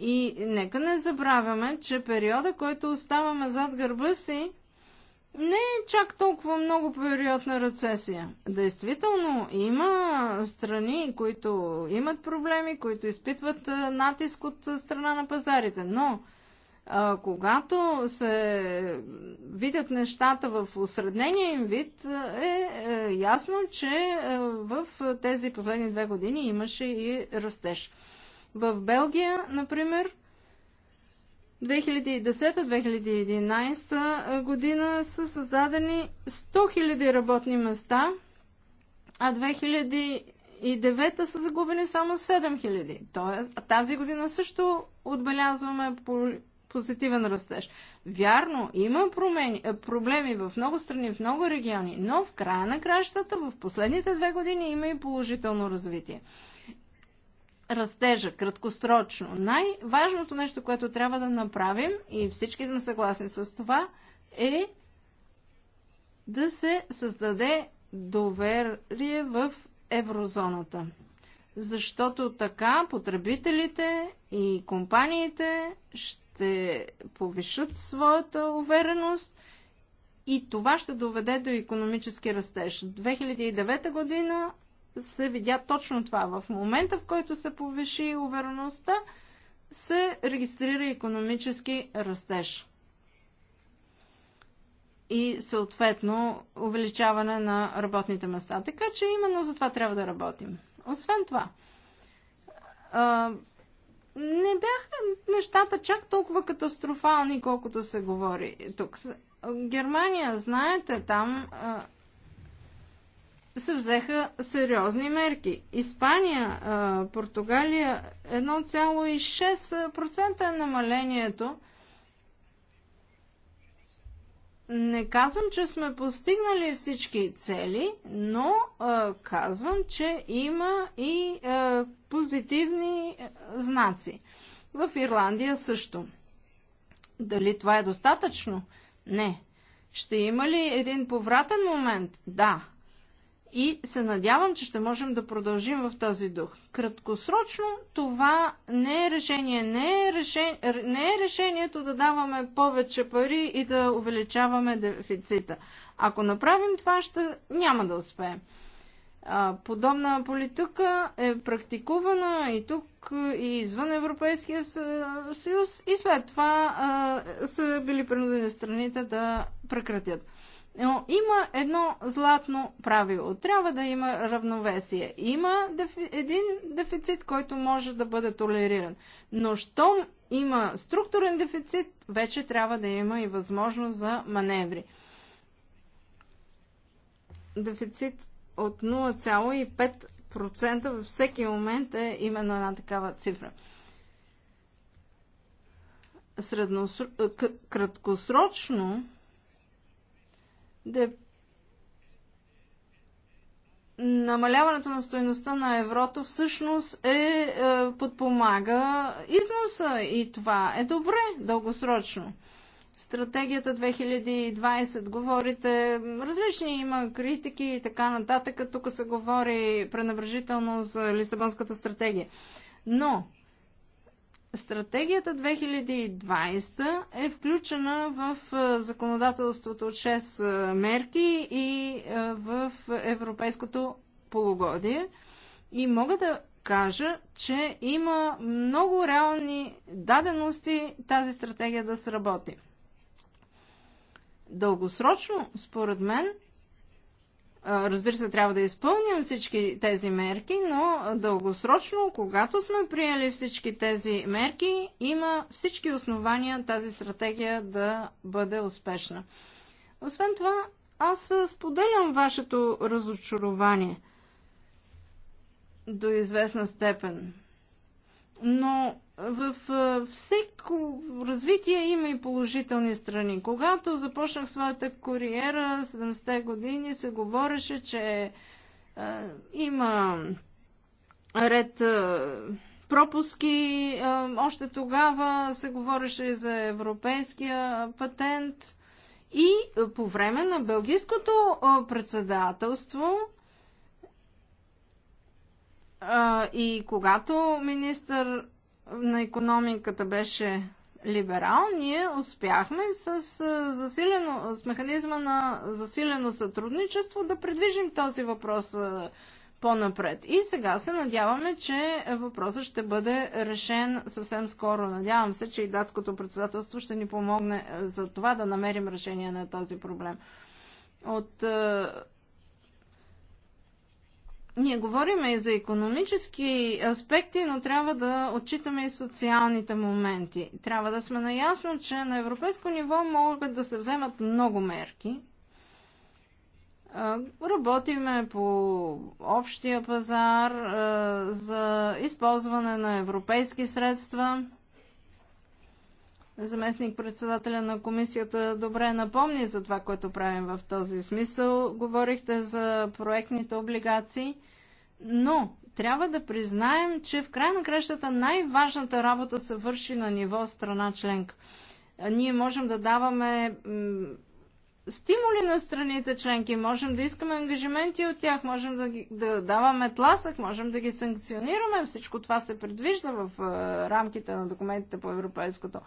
И нека не забравяме, че периода, който оставаме зад гърба си, не е чак толкова много период на рецесия. Действително, има страни, които имат проблеми, които изпитват натиск от страна на пазарите, но а, когато се видят нещата в осреднения им вид, е, е ясно, че в тези последни две години имаше и растеж. В Белгия, например, 2010-2011 година са създадени 100 000 работни места, а 2009 са загубени само 7 000. Тоест, тази година също отбелязваме позитивен растеж. Вярно, има промени, проблеми в много страни, в много региони, но в края на кращата, в последните две години има и положително развитие растежа, краткосрочно. Най-важното нещо, което трябва да направим, и всички сме съгласни с това, е да се създаде доверие в еврозоната. Защото така потребителите и компаниите ще повишат своята увереност и това ще доведе до економически растеж. 2009 година се видя точно това. В момента, в който се повиши увереността, се регистрира економически растеж. И съответно увеличаване на работните места. Така че именно за това трябва да работим. Освен това, не бяха нещата чак толкова катастрофални, колкото се говори тук. Германия, знаете, там се взеха сериозни мерки. Испания, Португалия 1,6% е намалението. Не казвам, че сме постигнали всички цели, но казвам, че има и позитивни знаци. В Ирландия също. Дали това е достатъчно? Не. Ще има ли един повратен момент? Да. И се надявам, че ще можем да продължим в този дух. Краткосрочно това не е решение. Не е, решен... не е решението да даваме повече пари и да увеличаваме дефицита. Ако направим това, ще няма да успеем. Подобна политика е практикувана и тук, и извън Европейския съюз, и след това са били принудени страните да прекратят. Но има едно златно правило. Трябва да има равновесие. Има дефи, един дефицит, който може да бъде толериран. Но щом има структурен дефицит, вече трябва да има и възможност за маневри. Дефицит от 0,5% във всеки момент е именно една такава цифра средноср... краткосрочно де... намаляването на стоеността на еврото всъщност е, е, подпомага износа и това е добре дългосрочно. Стратегията 2020 говорите, различни има критики и така нататък. Тук се говори пренебрежително за Лисабонската стратегия. Но Стратегията 2020 е включена в законодателството от 6 мерки и в европейското полугодие. И мога да кажа, че има много реални дадености тази стратегия да сработи. Дългосрочно, според мен, Разбира се, трябва да изпълним всички тези мерки, но дългосрочно, когато сме приели всички тези мерки, има всички основания тази стратегия да бъде успешна. Освен това, аз споделям вашето разочарование до известна степен. Но в всеко развитие има и положителни страни. Когато започнах своята кариера, 70-те години, се говореше, че е, има ред е, пропуски. Е, още тогава се говореше и за европейския патент. И по време на Белгийското председателство а, и когато министър на економиката беше либерал, ние успяхме с, засилено, с механизма на засилено сътрудничество да предвижим този въпрос по-напред. И сега се надяваме, че въпросът ще бъде решен съвсем скоро. Надявам се, че и датското председателство ще ни помогне за това да намерим решение на този проблем. От ние говориме и за економически аспекти, но трябва да отчитаме и социалните моменти. Трябва да сме наясно, че на европейско ниво могат да се вземат много мерки. Работиме по общия пазар за използване на европейски средства – Заместник председателя на комисията добре напомни за това, което правим в този смисъл. Говорихте за проектните облигации, но трябва да признаем, че в край на кращата най-важната работа се върши на ниво страна членка. Ние можем да даваме стимули на страните членки, можем да искаме ангажименти от тях, можем да, ги, да даваме тласък, можем да ги санкционираме. Всичко това се предвижда в рамките на документите по европейското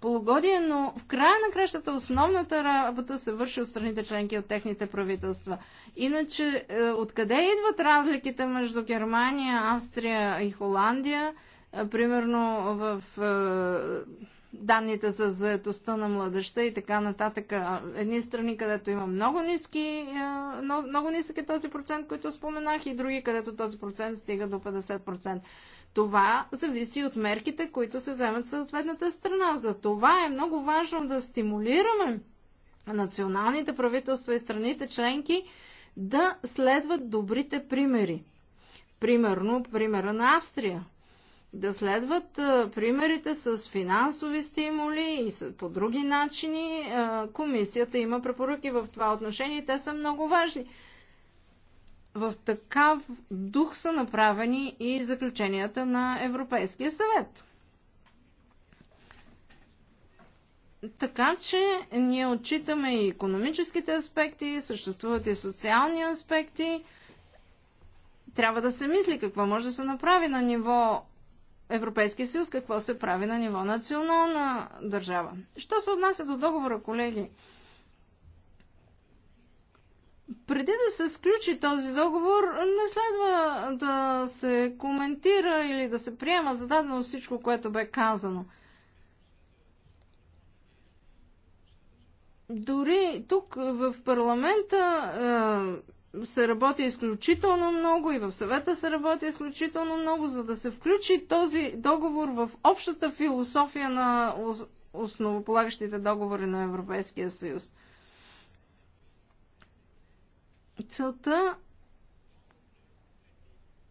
полугодие, но в края на кращата основната работа се върши от страните членки от техните правителства. Иначе, е, откъде идват разликите между Германия, Австрия и Холандия? Е, примерно в е, данните за заедостта на младеща и така нататък. Едни страни, където има много ниски, много, нисък е този процент, който споменах, и други, където този процент стига до 50%. Това зависи от мерките, които се вземат съответната страна. За това е много важно да стимулираме националните правителства и страните членки да следват добрите примери. Примерно, примера на Австрия. Да следват примерите с финансови стимули и по други начини. комисията има препоръки в това отношение и те са много важни в такав дух са направени и заключенията на Европейския съвет. Така че ние отчитаме и економическите аспекти, съществуват и социални аспекти. Трябва да се мисли какво може да се направи на ниво Европейския съюз, какво се прави на ниво национална държава. Що се отнася до договора, колеги? преди да се сключи този договор, не следва да се коментира или да се приема зададено всичко, което бе казано. Дори тук в парламента е, се работи изключително много и в съвета се работи изключително много, за да се включи този договор в общата философия на основополагащите договори на Европейския съюз. Целта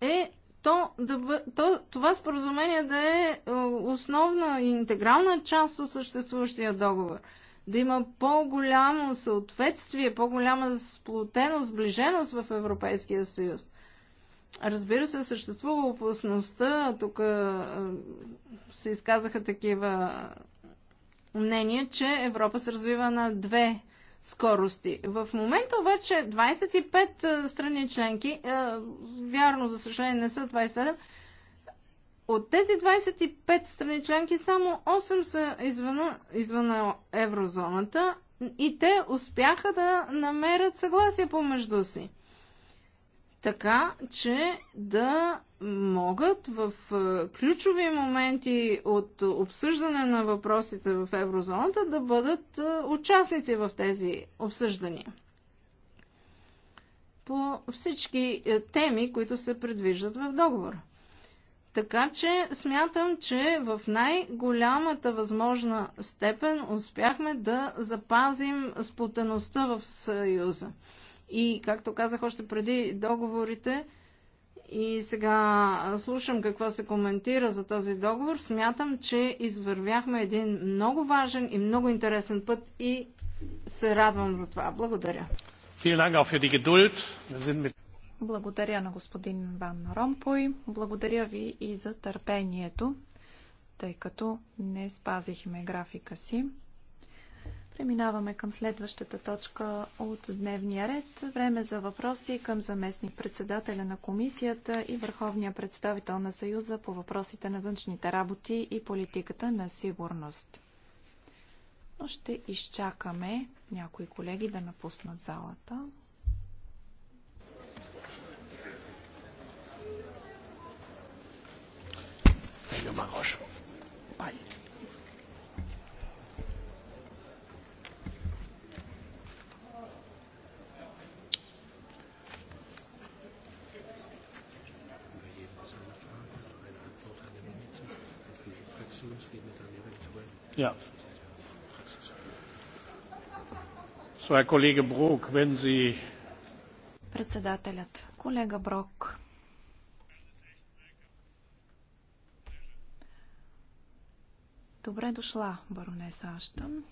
е то, да бъ... то, това споразумение да е, е основна и интегрална част от съществуващия договор. Да има по-голямо съответствие, по-голяма сплотеност, сближеност в Европейския съюз. Разбира се, съществува опасността, тук е, се изказаха такива мнения, че Европа се развива на две скорости. В момента обаче 25 е, страни членки, е, вярно за съжаление не са 27, от тези 25 страни членки само 8 са извън, извън еврозоната и те успяха да намерят съгласие помежду си така че да могат в ключови моменти от обсъждане на въпросите в еврозоната да бъдат участници в тези обсъждания по всички е, теми, които се предвиждат в договора. Така че смятам, че в най-голямата възможна степен успяхме да запазим сплотеността в Съюза и, както казах още преди, договорите. И сега слушам какво се коментира за този договор. Смятам, че извървяхме един много важен и много интересен път и се радвам за това. Благодаря. Благодаря на господин Ван Ромпой. Благодаря ви и за търпението, тъй като не спазихме графика си. Преминаваме към следващата точка от дневния ред. Време за въпроси към заместник председателя на комисията и върховния представител на Съюза по въпросите на външните работи и политиката на сигурност. Но ще изчакаме някои колеги да напуснат залата. Maroche. Ja. So, Herr Kollege Brok, wenn Sie... Председателят, колега Брок, Добре дошла, баронеса Аштън.